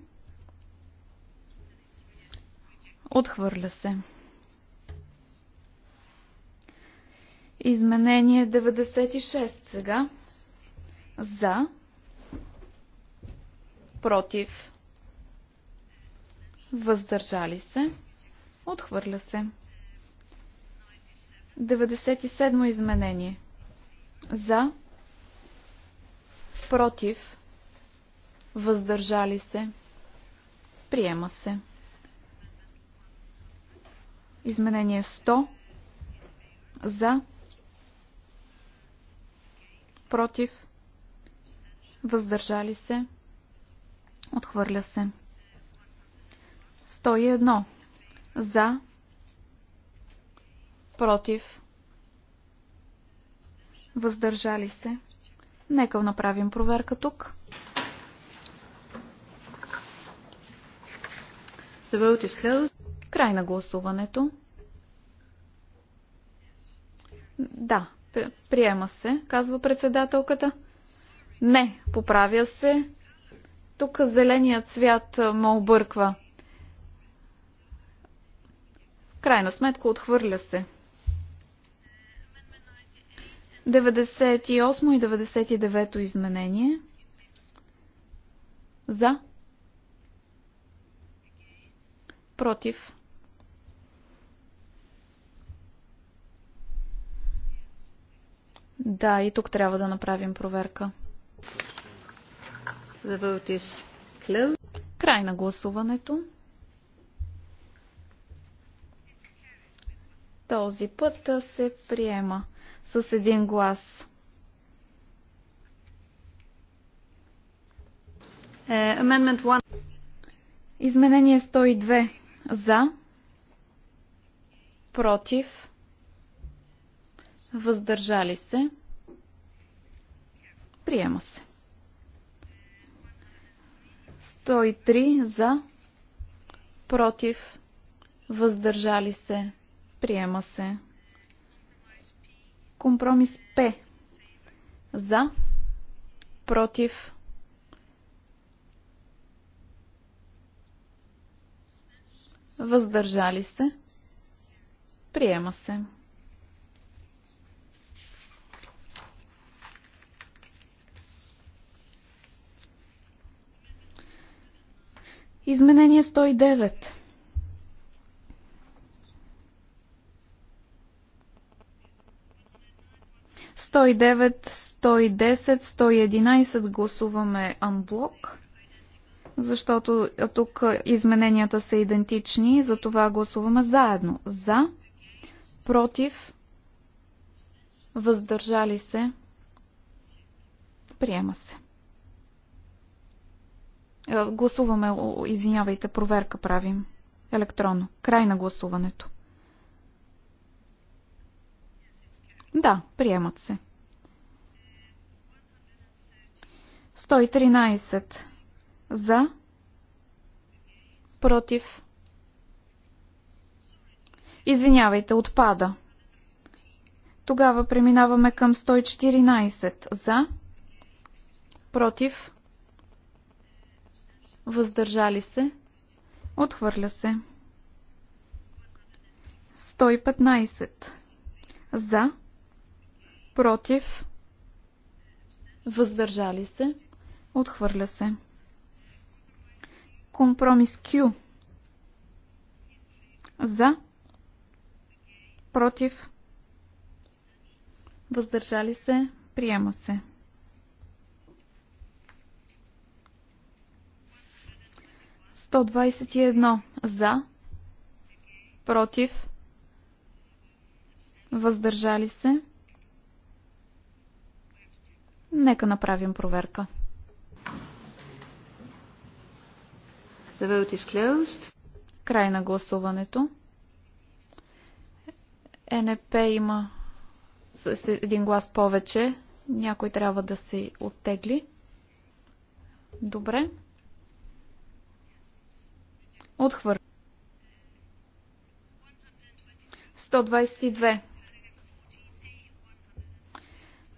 Отхвърля се. Изменение 96 сега. За против, въздържали се, отхвърля се. 97 изменение. За, против, въздържали се, приема се. Изменение 100 за, против, въздържали се, Отхвърля се. 101. За. Против. Въздържали се. Нека направим проверка тук. The vote is closed. Край на гласуването. Да, приема се, казва председателката. Не, поправя се. Тук зеленият цвят ме обърква. В крайна сметка отхвърля се. 98 и 99 изменение. За. Против. Да, и тук трябва да направим проверка. The vote is closed. Край на гласуването. Този път се приема с един глас. Е, Изменение 102. За. Против. Въздържали се. Приема се. 103 за, против, въздържали се, приема се. Компромис П за, против, въздържали се, приема се. Изменение 109. Сто и девет, сто и десет, сто и единайсет гласуваме анблок защото тук измененията са идентични, затова гласуваме заедно. За, против, въздържали се, приема се. Е, гласуваме, извинявайте, проверка правим. Електронно. Край на гласуването. Да, приемат се. 113 за, против. Извинявайте, отпада. Тогава преминаваме към 114 за, против въздържали се, отхвърля се. 115. За, против, въздържали се, отхвърля се. Компромис Q. За, против, въздържали се, приема се. 121 за, против, въздържали се. Нека направим проверка. The vote is closed. Край на гласуването. Е, НП има с един глас повече. Някой трябва да се оттегли. Добре. Отхвър. 122.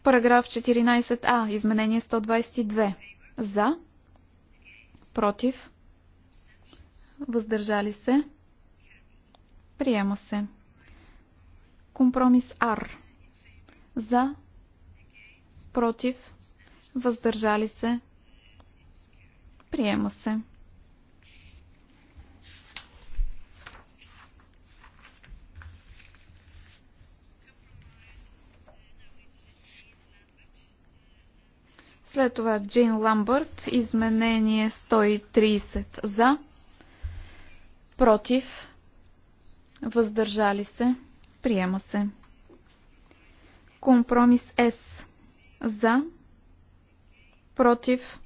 Параграф 14а. Изменение 122. За. Против. Въздържали се. Приема се. Компромис Р. За. Против. Въздържали се. Приема се. След това Джин Ламбърт, изменение 130 за, против, въздържали се, приема се. Компромис С за, против,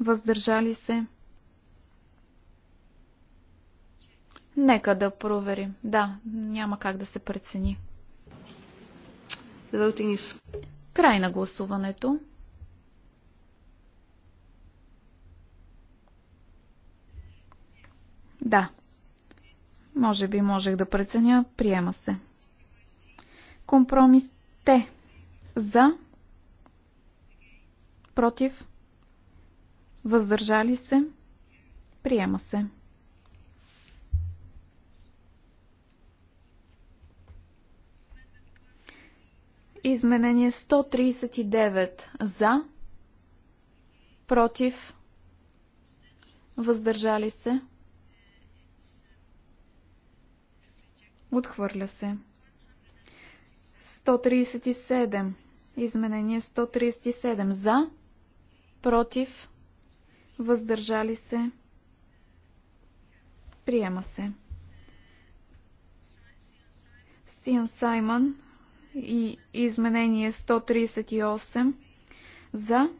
въздържали се. Нека да проверим. Да, няма как да се прецени. Край на гласуването. Да. Може би можех да преценя. Приема се. Компромис Т. За. Против. Въздържали се. Приема се. Изменение 139 за, против, въздържали се, отхвърля се. 137. Изменение 137 за, против, въздържали се, приема се. Сиан Саймон и изменение 138 за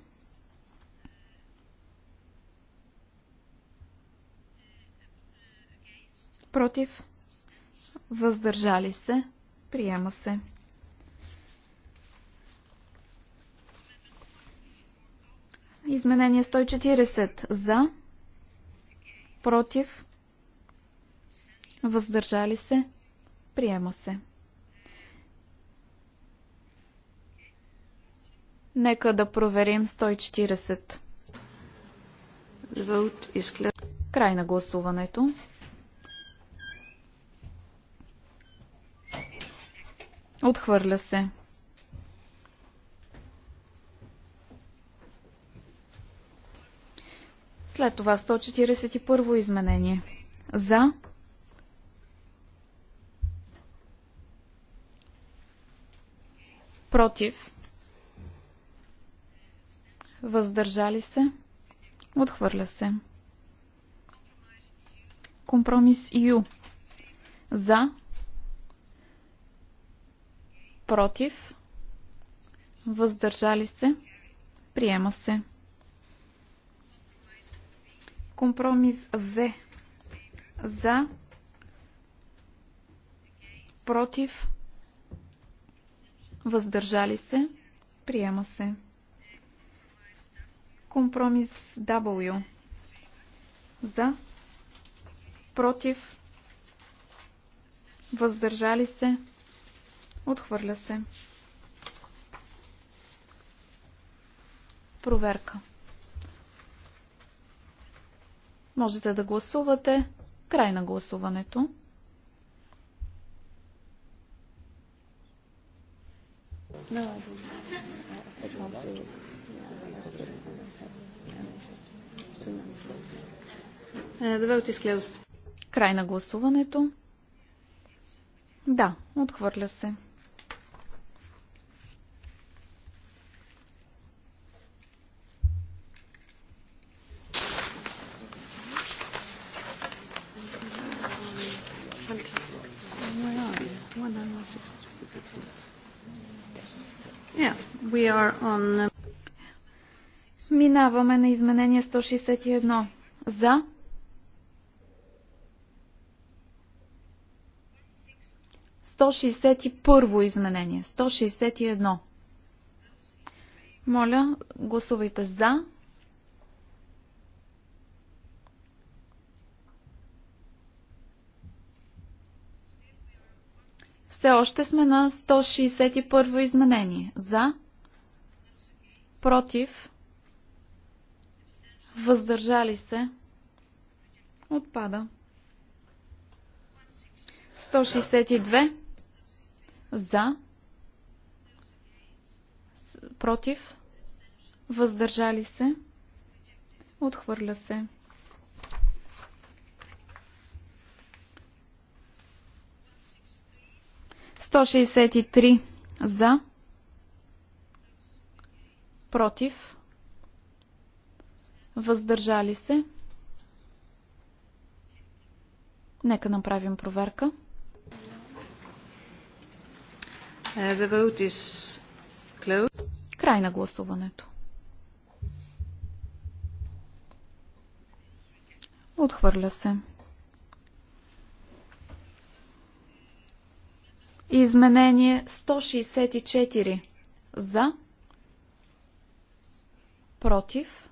против въздържали се приема се Изменение 140 за против въздържали се приема се Нека да проверим 140. Край на гласуването. Отхвърля се. След това 141 изменение. За. Против въздържали се, отхвърля се. Компромис Ю. За, против, въздържали се, приема се. Компромис В. За, против, въздържали се, приема се. Компромис W. За. Против. Въздържали се. Отхвърля се. Проверка. Можете да гласувате. Край на гласуването. No, I don't. I don't Е, Край на гласуването. Да, отхвърля се. Yeah, we are on Uh Минаваме на изменение 161. За. Сто първо изменение. 161. Моля, гласувайте за. Все още сме на 161 изменение. За. Против въздържали се, отпада. 162 за, против, въздържали се, отхвърля се. Сто шестдесет и три за, против, Въздържали се? Нека направим проверка. Uh, the vote is closed. Край на гласуването. Отхвърля се. Изменение 164. За. Против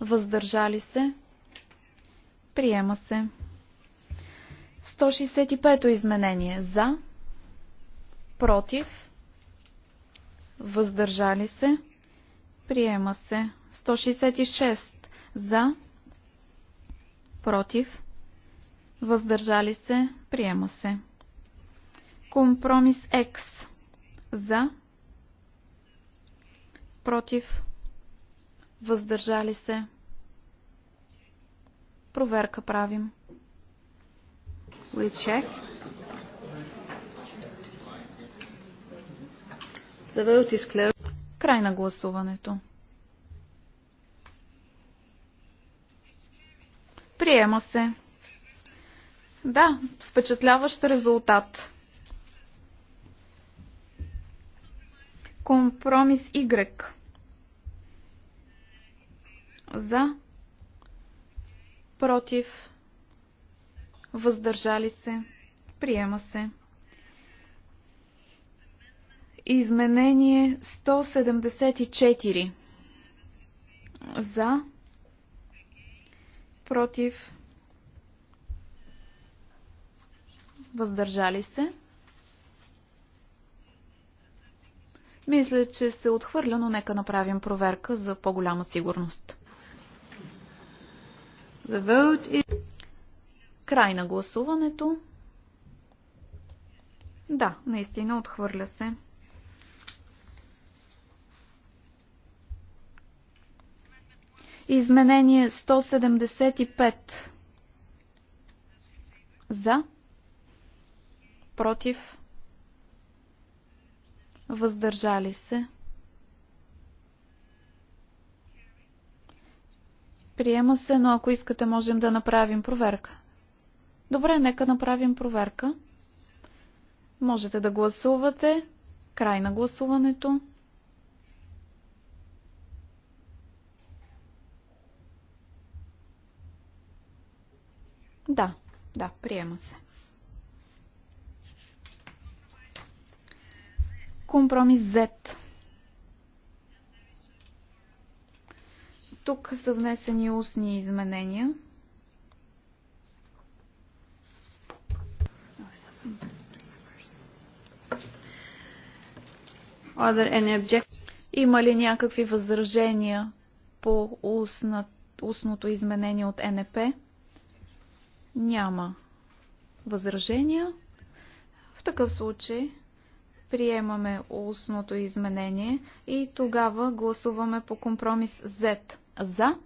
въздържали се, приема се. 165-то изменение за, против, въздържали се, приема се. 166 за, против, въздържали се, приема се. Компромис X за, против, въздържали се. Проверка правим. We check. The vote is closed. Край на гласуването. Приема се. Да, впечатляващ резултат. Компромис Y. За. Против. Въздържали се. Приема се. Изменение 174. За. Против. Въздържали се. Мисля, че се отхвърля, но нека направим проверка за по-голяма сигурност. The vote is... Край на гласуването. Да, наистина отхвърля се. Изменение 175. За. Против. Въздържали се. Приема се, но ако искате, можем да направим проверка. Добре, нека направим проверка. Можете да гласувате. Край на гласуването. Да, да, приема се. Компромис Z. Тук са внесени устни изменения. Има ли някакви възражения по устна, устното изменение от НП? Няма възражения. В такъв случай приемаме устното изменение и тогава гласуваме по компромис Z за,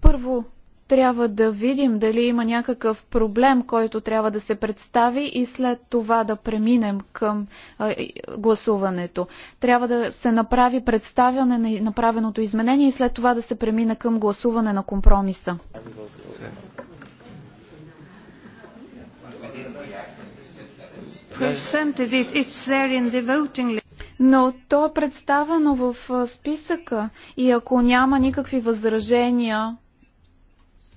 Първо трябва да видим дали има някакъв проблем, който трябва да се представи и след това да преминем към а, гласуването. Трябва да се направи представяне на направеното изменение и след това да се премина към гласуване на компромиса. Но то е представено в списъка и ако няма никакви възражения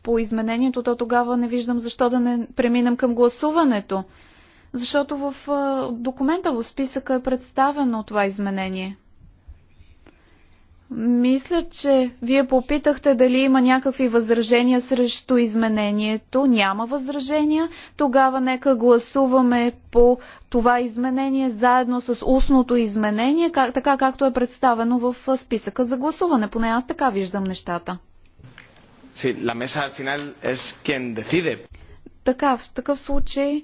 по изменението, то тогава не виждам защо да не преминем към гласуването. Защото в документа в списъка е представено това изменение. Мисля, че вие попитахте дали има някакви възражения срещу изменението. Няма възражения. Тогава нека гласуваме по това изменение заедно с устното изменение, как, така както е представено в списъка за гласуване. Поне аз така виждам нещата. Sí, la mesa al final es quien decide. Така, в такъв случай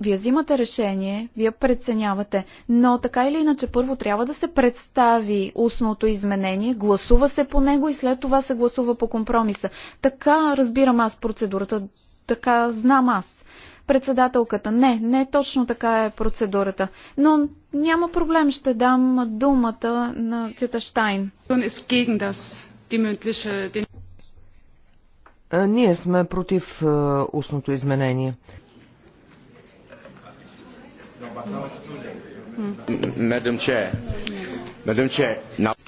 вие взимате решение, вие преценявате, но така или иначе първо трябва да се представи устното изменение, гласува се по него и след това се гласува по компромиса. Така разбирам аз процедурата, така знам аз. Председателката, не, не точно така е процедурата, но няма проблем, ще дам думата на Кюташтайн. Ние сме против устното изменение.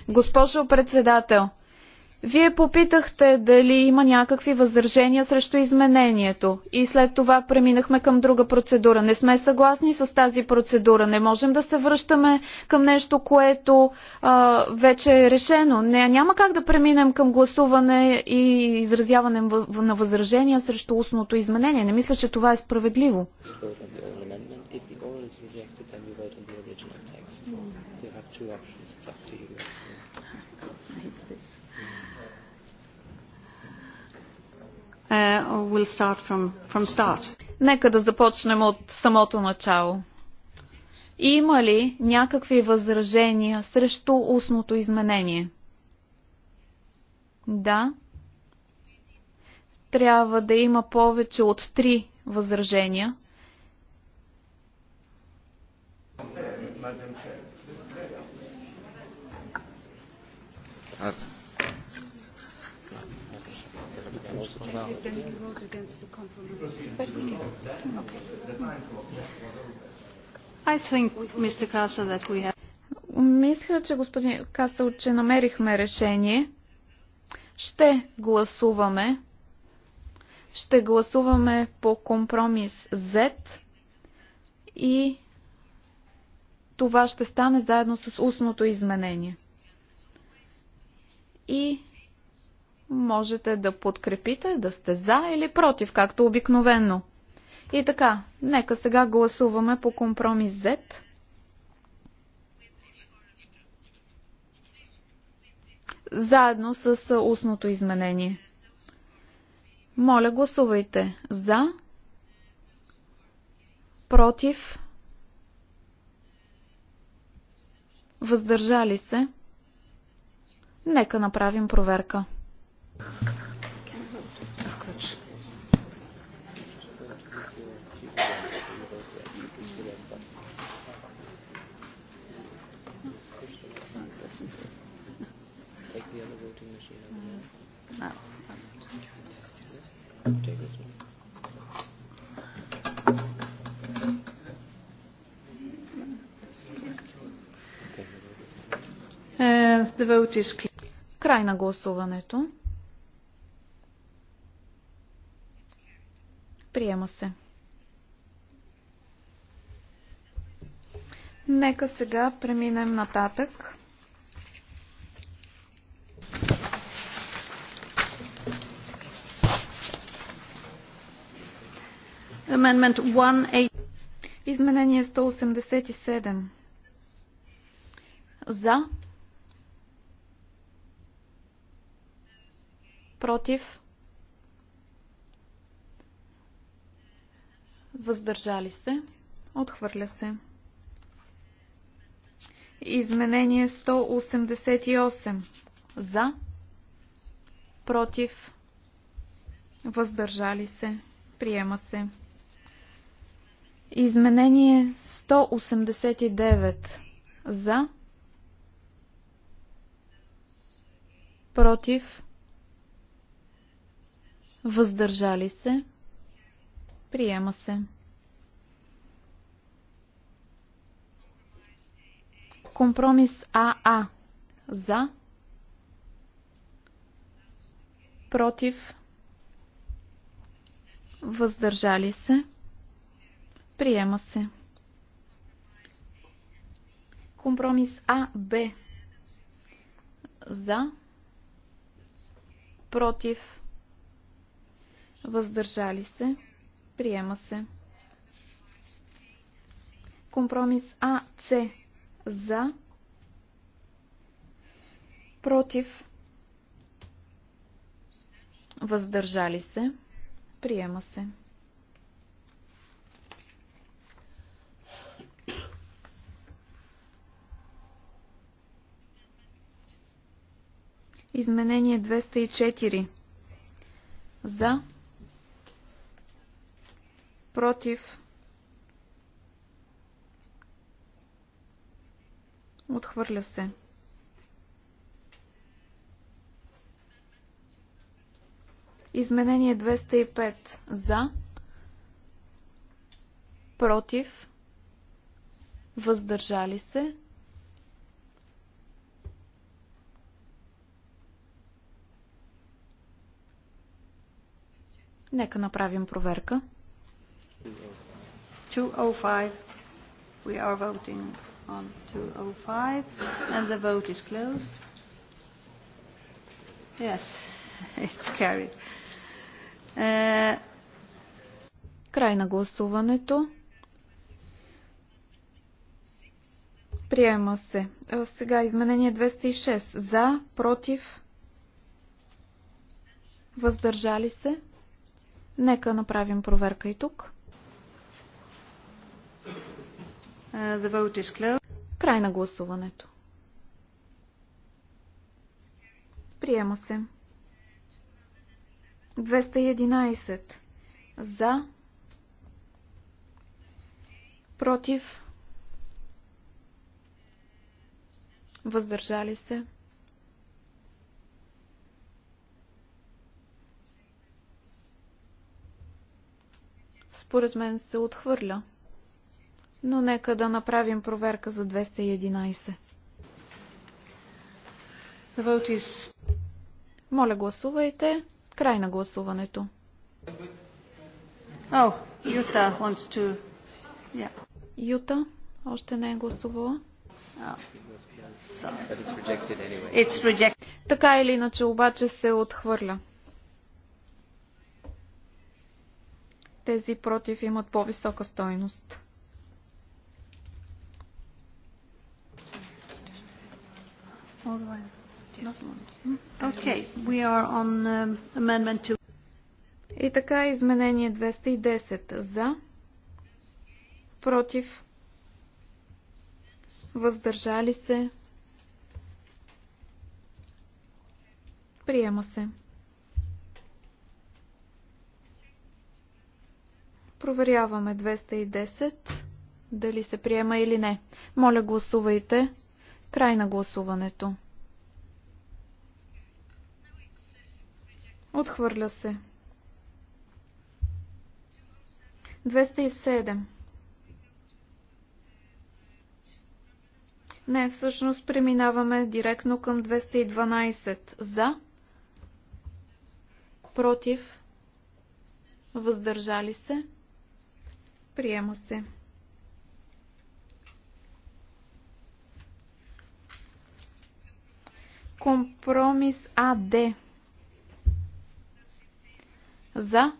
Госпожо председател, вие попитахте дали има някакви възражения срещу изменението и след това преминахме към друга процедура. Не сме съгласни с тази процедура. Не можем да се връщаме към нещо, което а, вече е решено. Не, няма как да преминем към гласуване и изразяване на възражения срещу устното изменение. Не мисля, че това е справедливо is rejected, then we vote on the original text. Mm. You have two options. It's up to you. I hate this. Uh, we'll start from, from start. Нека да започнем от самото начало. Има ли някакви възражения срещу устното изменение? Да. Трябва да има повече от три възражения. think, have... Мисля, че господин Касъл, че намерихме решение. Ще гласуваме. Ще гласуваме по компромис Z и това ще стане заедно с устното изменение и можете да подкрепите, да сте за или против, както обикновено. И така, нека сега гласуваме по компромис Z. Заедно с устното изменение. Моля, гласувайте за, против, въздържали се. Нека направим проверка. Uh, the vote is clear. Край на гласуването. Приема се. Нека сега преминем нататък. Изменение 187. За, против, въздържали се, отхвърля се. Изменение 188. За, против, въздържали се, приема се. Изменение 189. За, против, въздържали се, приема се. Компромис АА за, против, въздържали се, приема се. Компромис АБ за, против, въздържали се, приема се. Компромис АЦ за, против, въздържали се, приема се. Изменение 204 за, против, отхвърля се. Изменение 205 за, против, въздържали се. Нека направим проверка. 205. We are voting on 205, and the vote is closed. Yes, it's carried. Uh, Край на гласуването. Приема се. Сега изменение 206. За, против, въздържали се. Нека направим проверка и тук. Uh, the vote is closed. Край на гласуването. Приема се. 211 за против въздържали се Според мен се отхвърля но нека да направим проверка за 211. Моля, гласувайте. Край на гласуването. Oh, wants to... yeah. Юта още не е гласувала. Oh, така или иначе обаче се отхвърля. Тези против имат по-висока стойност. All Okay, we are on um, amendment to... И така, изменение 210 за, против, въздържали се, приема се. Проверяваме 210 дали се приема или не. Моля гласувайте. Край на гласуването. Отхвърля се. 207. Не, всъщност преминаваме директно към 212. За. Против. Въздържали се. Приема се. Компромис АД. За.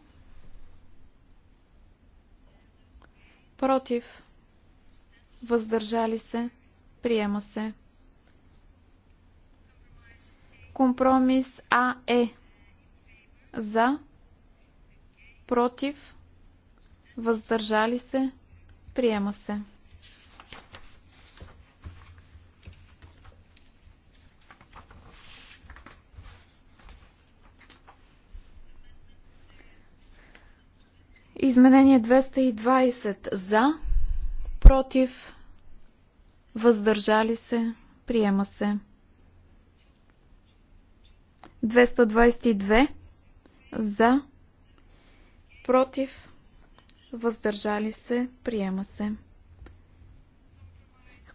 Против. Въздържали се. Приема се. Компромис АЕ. За. Против. Въздържали се. Приема се. Изменение 220 за, против, въздържали се, приема се. 222 за, против, въздържали се, приема се.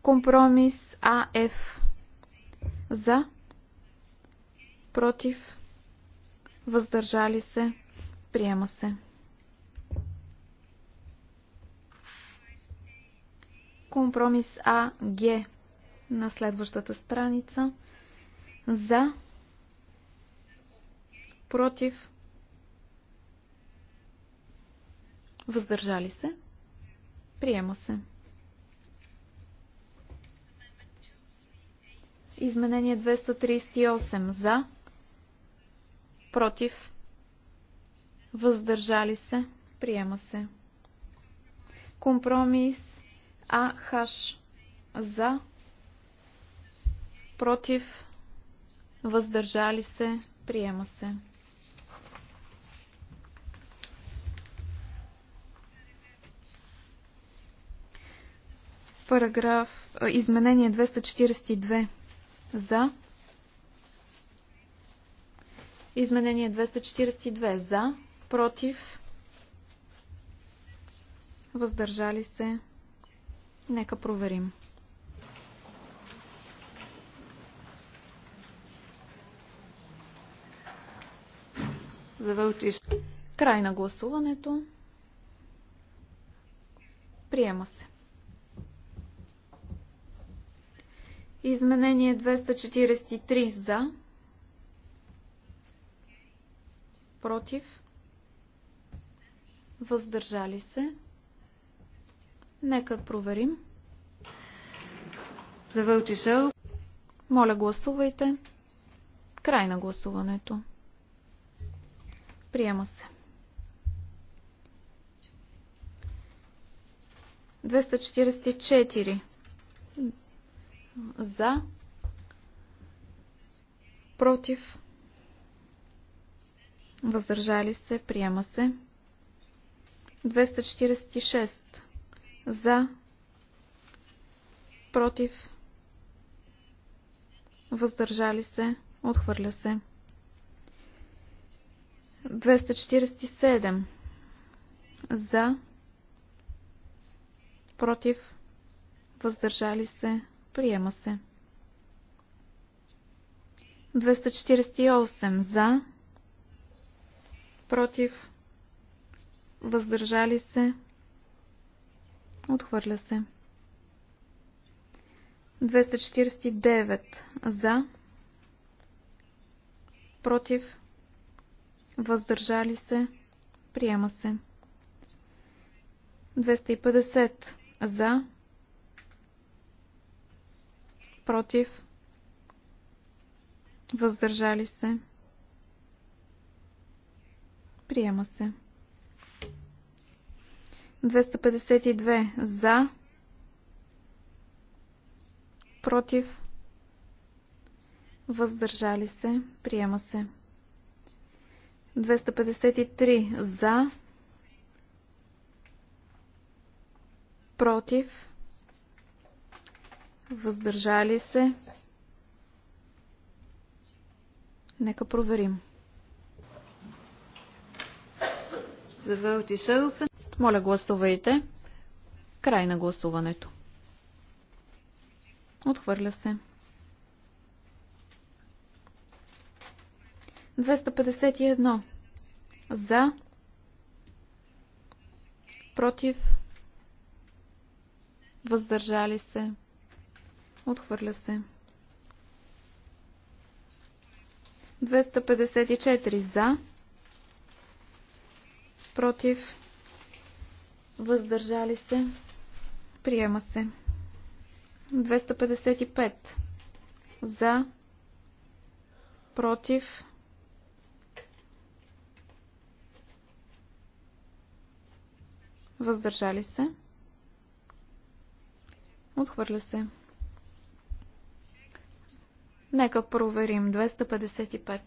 Компромис АФ за, против, въздържали се, приема се. Компромис АГ на следващата страница. За. Против. Въздържали се. Приема се. Изменение 238 за, против, въздържали се, приема се. Компромис АХ за, против, въздържали се, приема се. Параграф, изменение 242 за. Изменение 242 за, против, въздържали се, се. Нека проверим. Край на гласуването. Приема се. Изменение 243 за. Против. Въздържали се. Нека проверим. The vote is over. Моля, гласувайте. Край на гласуването. Приема се. 244 за против въздържали се, приема се. 246 за, против, въздържали се, отхвърля се. 247 за, против, въздържали се, приема се. 248 за, против, въздържали се, Отхвърля се. 249 за. Против. Въздържали се. Приема се. 250 за. Против. Въздържали се. Приема се. 252 за, против, въздържали се, приема се. 253 за, против, въздържали се. Нека проверим. The vote is open. Моля, гласувайте. Край на гласуването. Отхвърля се. 251. За. Против. Въздържали се. Отхвърля се. 254 за. Против въздържали се, приема се. 255 за, против, въздържали се, отхвърля се. Нека проверим 255.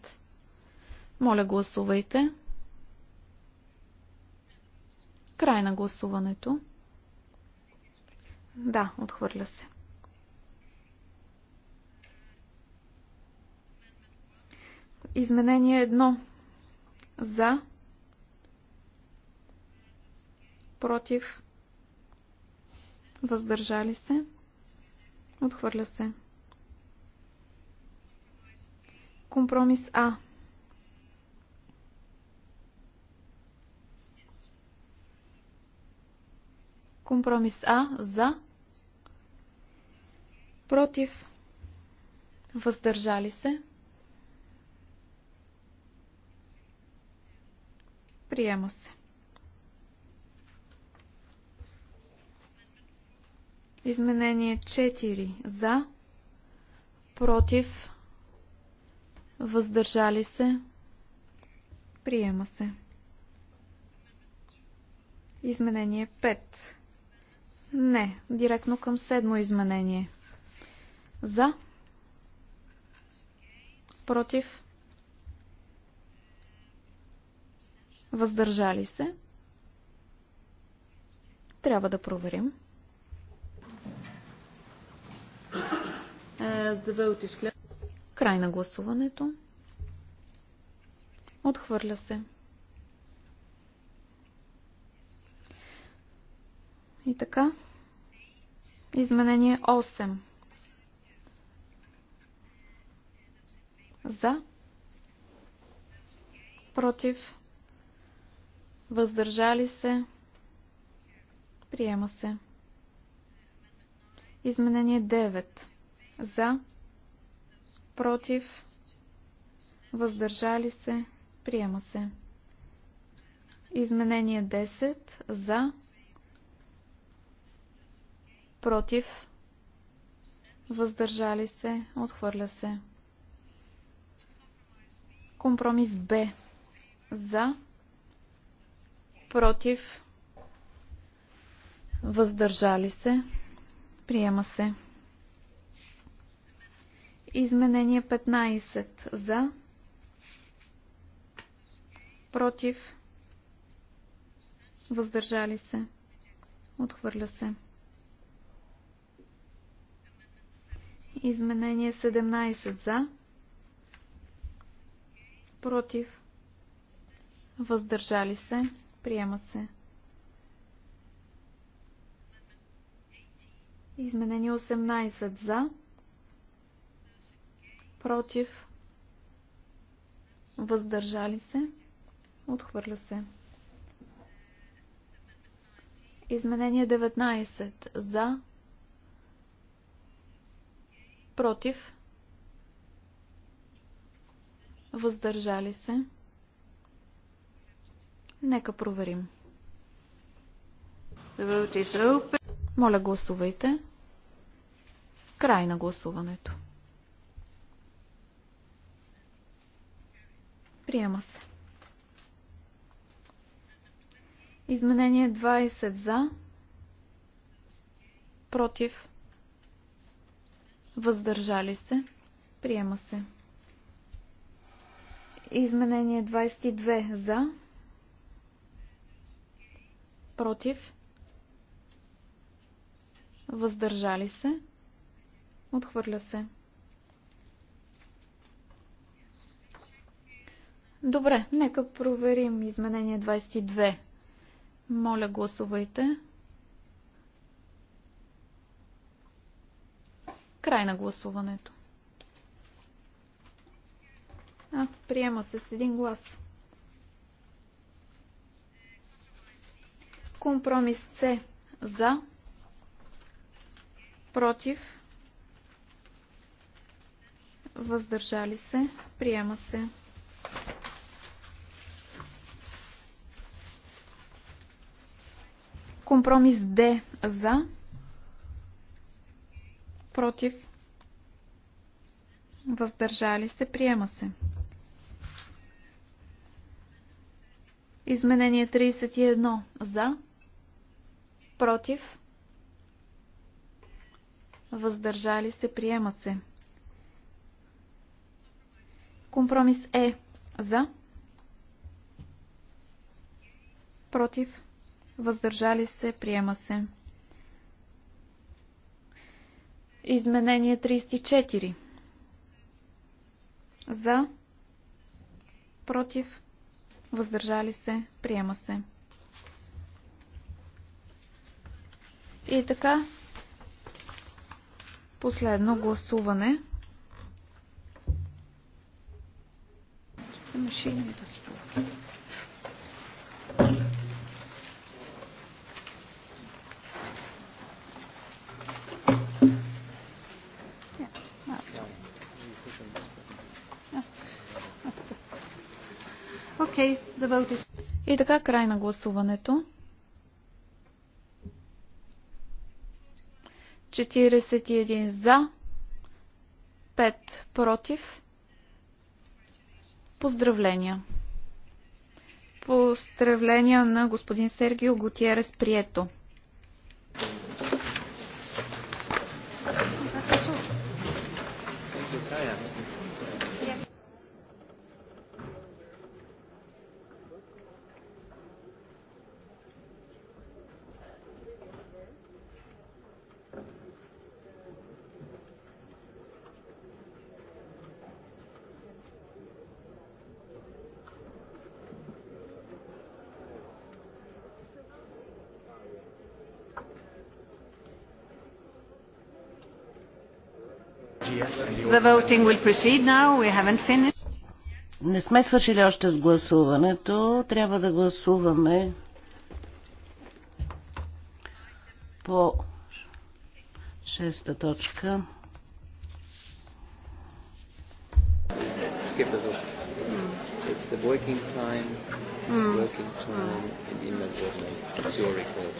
Моля гласувайте. 255. Край на гласуването. Да, отхвърля се. Изменение едно. За. Против. Въздържали се. Отхвърля се. Компромис А. Компромис А за. Против. Въздържали се. Приема се. Изменение 4 за. Против. Въздържали се. Приема се. Изменение 5 не, директно към седмо изменение. За. Против. Въздържали се. Трябва да проверим. Край на гласуването. Отхвърля се. И така. Изменение 8. За. Против. Въздържали се. Приема се. Изменение 9. За. Против. Въздържали се. Приема се. Изменение 10. За. Против против, въздържали се, отхвърля се. Компромис Б за, против, въздържали се, приема се. Изменение 15 за, против, въздържали се, отхвърля се. Изменение 17 за. Против. Въздържали се. Приема се. Изменение 18 за. Против. Въздържали се. Отхвърля се. Изменение 19 за. Против против, въздържали се. Нека проверим. Моля, гласувайте. Край на гласуването. Приема се. Изменение 20 за, против, Въздържали се. Приема се. Изменение 22 за. Против. Въздържали се. Отхвърля се. Добре, нека проверим изменение 22. Моля, гласувайте. Край на гласуването. А, приема се с един глас. Компромис С за, против, въздържали се, приема се. Компромис Д за, против, въздържали се, приема се. Изменение 31 за, против, въздържали се, приема се. Компромис е за, против, въздържали се, приема се. Изменение 34. За. Против. Въздържали се. Приема се. И така. Последно гласуване. Машината стои. Okay, the vote is... И така край на гласуването. 41 за, 5 против. Поздравления! Поздравления на господин Сергио Готиерес Прието. Не сме свършили още с гласуването. Трябва да гласуваме по шеста точка. Mm. It's the working time, mm. working time, mm. and in the It's your report.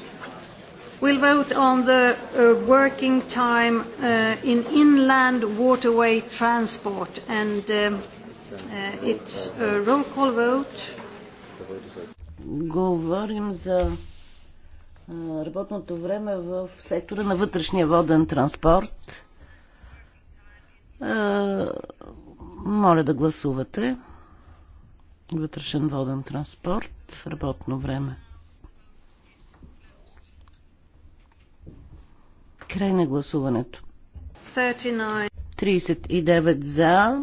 We'll vote on the uh, working time uh, in inland waterway transport, and um, uh, it's a roll call vote. Говорим за uh, работното време в сектора на вътрешния воден транспорт. Uh, моля да гласувате. Вътрешен воден транспорт, работно време. Край на гласуването. 39, 39 за.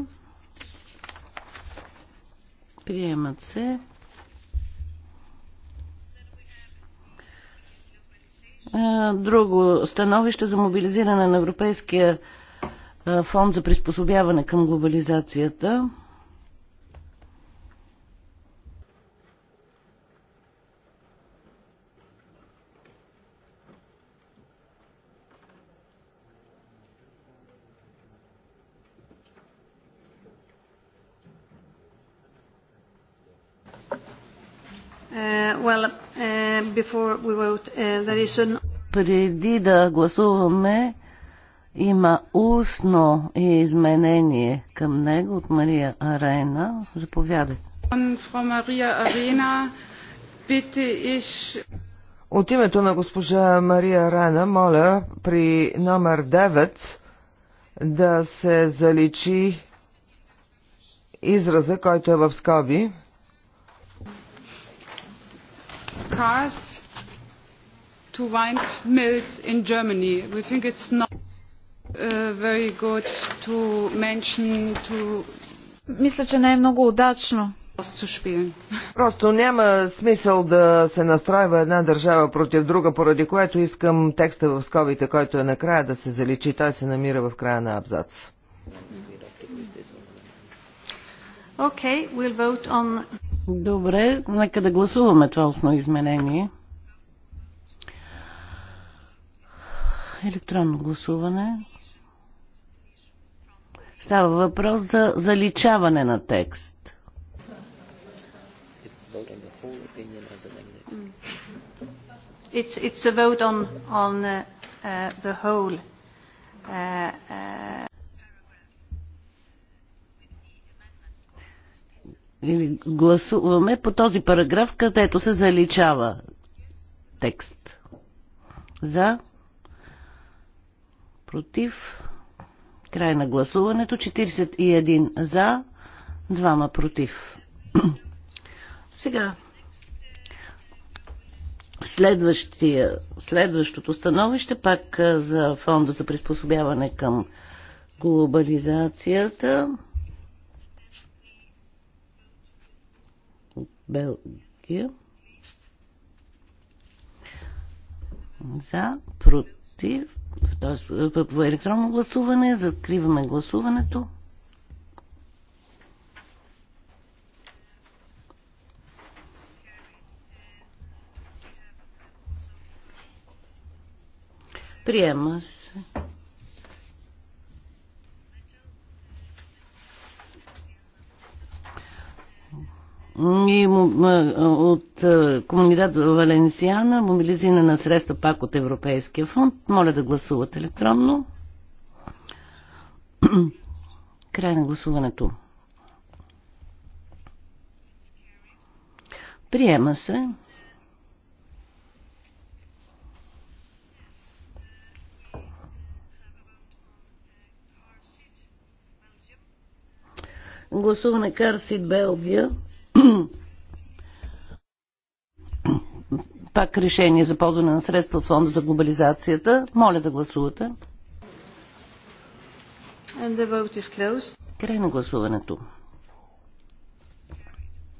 Приемат се. Друго становище за мобилизиране на Европейския фонд за приспособяване към глобализацията. well, uh, we vote, uh, there is an... Преди да гласуваме, има устно изменение към него от Мария Арена. Заповядайте. От името на госпожа Мария Рана, моля при номер 9 да се заличи израза, който е в скоби. cars to wind mills in Germany. We think it's not uh, very good to mention to Мисля, че не е много удачно. Просто няма смисъл да се настройва една държава против друга, поради което искам текста в скобите, който е накрая да се заличи. Той се намира в края на абзац. Okay, we'll vote on... Добре, нека да гласуваме това основно изменение. Електронно гласуване. Става въпрос за заличаване на текст. It's, it's a vote on, on uh, uh the whole. Uh, uh... Или гласуваме по този параграф, където се заличава текст. За. Против. Край на гласуването. 41 за. Двама против. Сега. следващото становище пак за фонда за приспособяване към глобализацията. Белгия. За, против, в електронно гласуване, закриваме гласуването. Приема се. и от Комунидад Валенсиана, мобилизина на средства пак от Европейския фонд. Моля да гласуват електронно. Край на гласуването. Приема се. Гласуване Карсит Белгия. пак решение за ползване на средства от фонда за глобализацията. Моля да гласувате. Край на гласуването.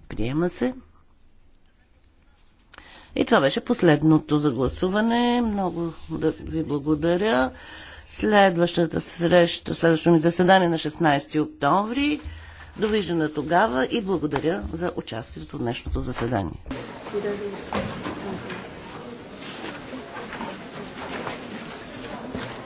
Приема се. И това беше последното за гласуване. Много да ви благодаря. Следващата среща, следващото ни заседание на 16 октомври. Довиждане тогава и благодаря за участието в днешното заседание.